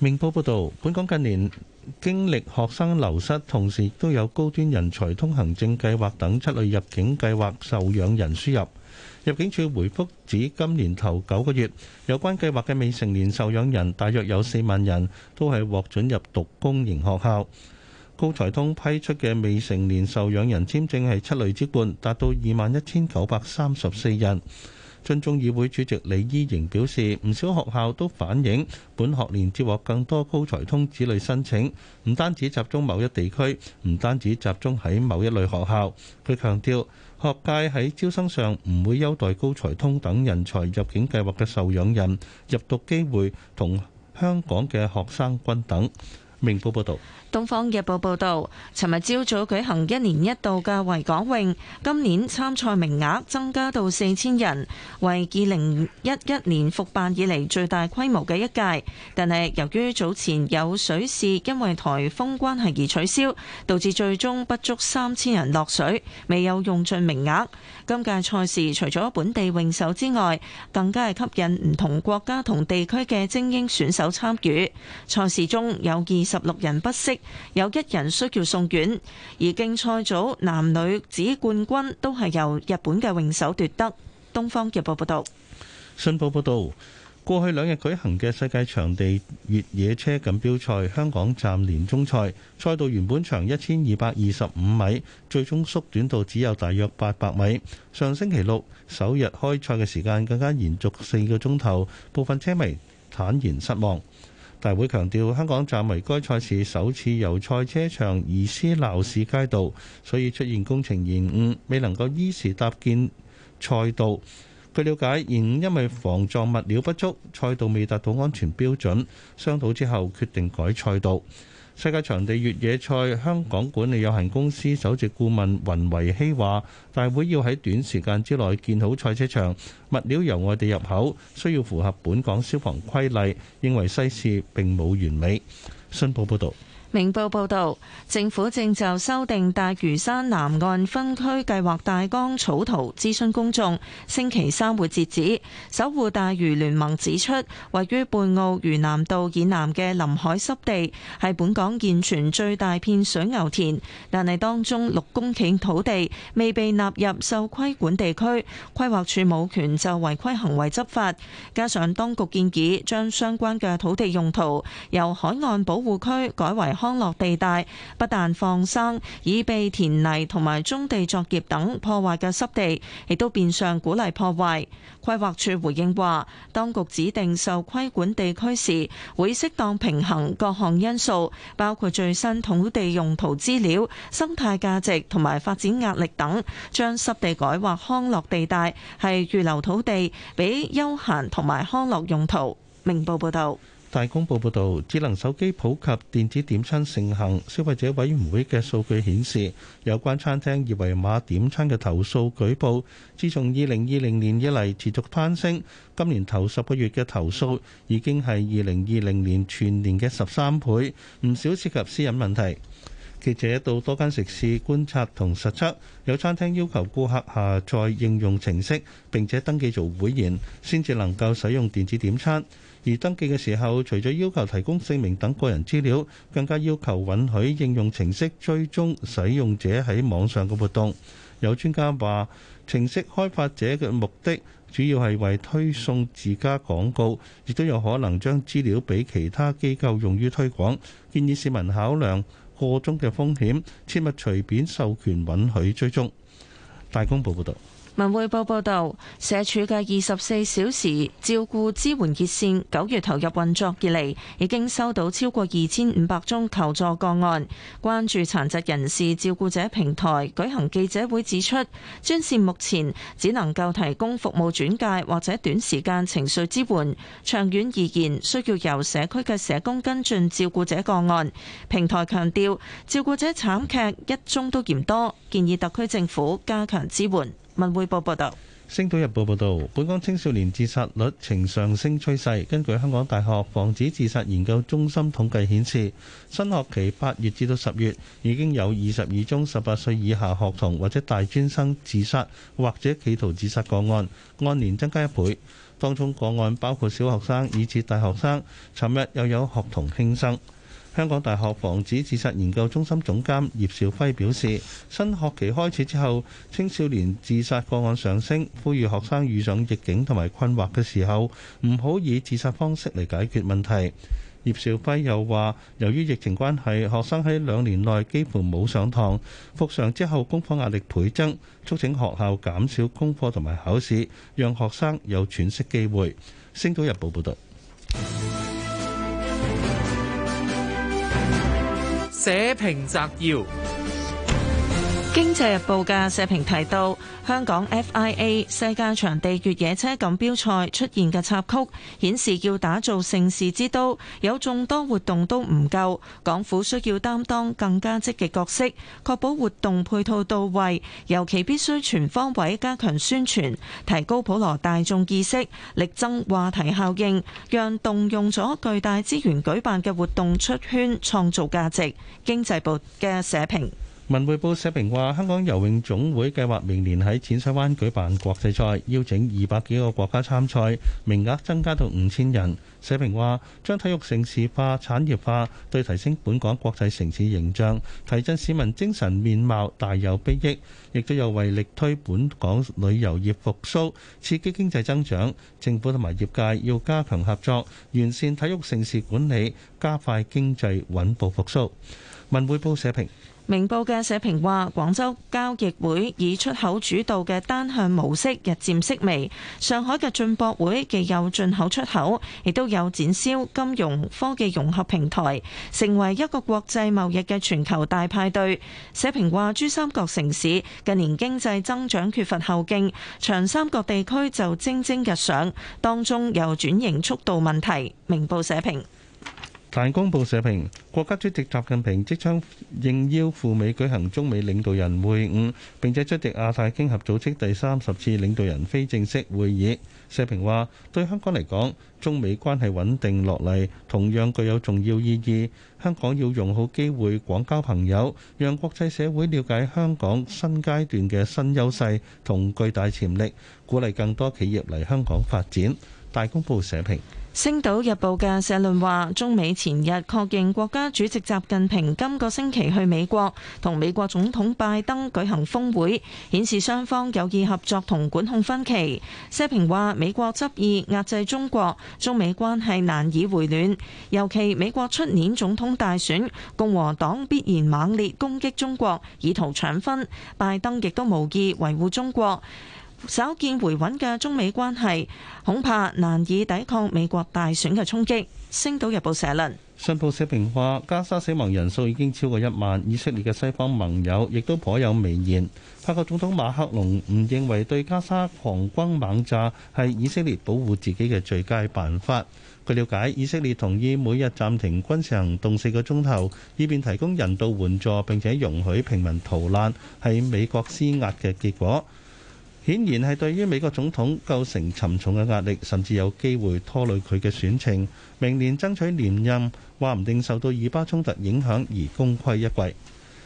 明報報道：「本港近年經歷學生流失，同時都有高端人才通行證計劃等七類入境計劃受養人輸入。入境處回覆指，今年頭九個月有關計劃嘅未成年受養人大約有四萬人，都係獲准入讀公營學校。高才通批出嘅未成年受養人簽證係七類之冠，達到二萬一千九百三十四人。津中議會主席李依瑩表示，唔少學校都反映，本學年接獲更多高才通子女申請，唔單止集中某一地區，唔單止集中喺某一類學校。佢強調，學界喺招生上唔會優待高才通等人才入境計劃嘅受養人，入讀機會同香港嘅學生均等。明報報道。《東方日報》報導，尋日朝早舉行一年一度嘅維港泳，今年參賽名額增加到四千人，為二零一一年復辦以嚟最大規模嘅一屆。但係由於早前有水事，因為颱風關係而取消，導致最終不足三千人落水，未有用盡名額。今屆賽事除咗本地泳手之外，更加係吸引唔同國家同地區嘅精英選手參與。賽事中有二十六人不適，有一人需要送院，而競賽組男女子冠軍都係由日本嘅泳手奪得。東方日報報道，新報報道，過去兩日舉行嘅世界場地越野車錦標賽香港站年終賽，賽道原本長一千二百二十五米，最終縮短到只有大約八百米。上星期六首日開賽嘅時間更加延續四個鐘頭，部分車迷坦言失望。大會強調，香港站為該賽事首次由賽車場移師鬧市街道，所以出現工程延誤，未能夠依時搭建賽道。據了解，延誤因為防撞物料不足，賽道未達到安全標準，商討之後決定改賽道。世界場地越野賽香港管理有限公司首席顧問雲維希話，大會要喺短時間之內建好賽車場，物料由外地入口，需要符合本港消防規例，認為世事並冇完美。新報報導。明報報導，政府正就修訂大嶼山南岸分區計劃大綱草圖諮詢公眾，星期三會截止。守護大嶼聯盟指出，位於貝澳漁南道以南嘅臨海濕地係本港現存最大片水牛田，但係當中六公頃土地未被納入受規管地區，規劃署冇權就違規行為執法。加上當局建議將相關嘅土地用途由海岸保護區改為康樂地帶不但放生，已被填泥同埋棕地作業等破壞嘅濕地，亦都變相鼓勵破壞。規劃署回應話，當局指定受規管地區時，會適當平衡各項因素，包括最新土地用途資料、生態價值同埋發展壓力等。將濕地改劃康樂地帶係預留土地俾休閒同埋康樂用途。明報報道。大公報報導，智能手機普及、電子點餐盛行，消費者委員會嘅數據顯示，有關餐廳二維碼點餐嘅投訴舉報，自從二零二零年以嚟持續攀升。今年頭十個月嘅投訴已經係二零二零年全年嘅十三倍，唔少涉及私隱問題。記者到多間食肆觀察同實測，有餐廳要求顧客下載應用程式，並且登記做會員，先至能夠使用電子點餐。而登記嘅時候，除咗要求提供姓名等個人資料，更加要求允許應用程式追蹤使用者喺網上嘅活動。有專家話，程式開發者嘅目的主要係為推送自家廣告，亦都有可能將資料俾其他機構用於推廣。建議市民考量個中嘅風險，切勿隨便授權允許追蹤。大公報報道。文匯報報道，社署嘅二十四小時照顧支援熱線九月投入運作以來，以嚟已經收到超過二千五百宗求助個案。關注殘疾人士照顧者平台舉行記者會指出，專線目前只能夠提供服務轉介或者短時間情緒支援，長遠而言需要由社區嘅社工跟進照顧者個案。平台強調，照顧者慘劇一宗都嫌多，建議特區政府加強支援。文匯報報道，《星島日報》報道，本港青少年自殺率呈上升趨勢。根據香港大學防止自殺研究中心統計顯示，新學期八月至到十月已經有二十二宗十八歲以下學童或者大專生自殺或者企圖自殺個案，按年增加一倍。當中個案包括小學生以至大學生，尋日又有學童輕生。香港大學防止自殺研究中心總監葉兆輝表示，新學期開始之後，青少年自殺個案上升，呼籲學生遇上逆境同埋困惑嘅時候，唔好以自殺方式嚟解決問題。葉兆輝又話，由於疫情關係，學生喺兩年內幾乎冇上堂，復常之後功課壓力倍增，促請學校減少功課同埋考試，讓學生有喘息機會。星島日報報道。寫評摘要。經濟日報嘅社評提到，香港 FIA 世界場地越野車錦標賽出現嘅插曲，顯示要打造盛事之都，有眾多活動都唔夠，港府需要擔當更加積極角色，確保活動配套到位，尤其必須全方位加強宣傳，提高普羅大眾意識，力增話題效應，讓動用咗巨大資源舉辦嘅活動出圈，創造價值。經濟日報嘅社評。文匯報社評話，香港游泳總會計劃明年喺淺水灣舉辦國際賽，邀請二百幾個國家參賽，名額增加到五千人。社評話，將體育城市化、產業化，對提升本港國際城市形象、提振市民精神面貌大有裨益，亦都有為力推本港旅遊業復甦、刺激經濟增長。政府同埋業界要加強合作，完善體育城市管理，加快經濟穩步復甦。文匯報社評。明報嘅社評話：廣州交易會以出口主導嘅單向模式日漸式微，上海嘅進博會既有進口出口，亦都有展銷金融科技融合平台，成為一個國際貿易嘅全球大派對。社評話：珠三角城市近年經濟增長缺乏後勁，長三角地區就蒸蒸日上，當中有轉型速度問題。明報社評。大公報社評：國家主席習近平即將應邀赴美舉行中美領導人會晤，並且出席亞太經合組織第三十次領導人非正式會議。社評話：對香港嚟講，中美關係穩定落嚟同樣具有重要意義。香港要用好機會，廣交朋友，讓國際社會瞭解香港新階段嘅新優勢同巨大潛力，鼓勵更多企業嚟香港發展。大公報社評。《星島日報》嘅社論話：中美前日確認國家主席習近平今個星期去美國同美國總統拜登舉行峰會，顯示雙方有意合作同管控分歧。社評話：美國執意壓制中國，中美關係難以回暖。尤其美國出年總統大選，共和黨必然猛烈攻擊中國，以圖搶分。拜登亦都無意維護中國。稍見回穩嘅中美關係，恐怕難以抵抗美國大選嘅衝擊。星島日報社論，信報社評話：加沙死亡人數已經超過一萬，以色列嘅西方盟友亦都頗有微言。法國總統馬克龍唔認為對加沙狂轟猛炸係以色列保護自己嘅最佳辦法。據了解，以色列同意每日暫停軍事行動四個鐘頭，以便提供人道援助並且容許平民逃難，係美國施壓嘅結果。顯然係對於美國總統構成沉重嘅壓力，甚至有機會拖累佢嘅選情，明年爭取連任，話唔定受到以巴衝突影響而功虧一簣，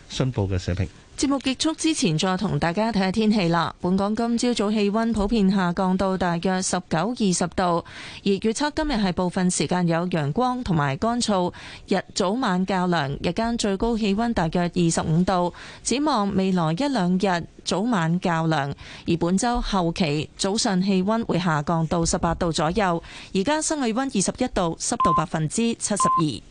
信報嘅社評。節目結束之前，再同大家睇下天氣啦。本港今朝早氣溫普遍下降到大約十九二十度，而預測今日係部分時間有陽光同埋乾燥，日早晚較涼，日間最高氣溫大約二十五度。展望未來一兩日早晚較涼，而本周後期早上氣溫會下降到十八度左右。而家室內溫二十一度，濕度百分之七十二。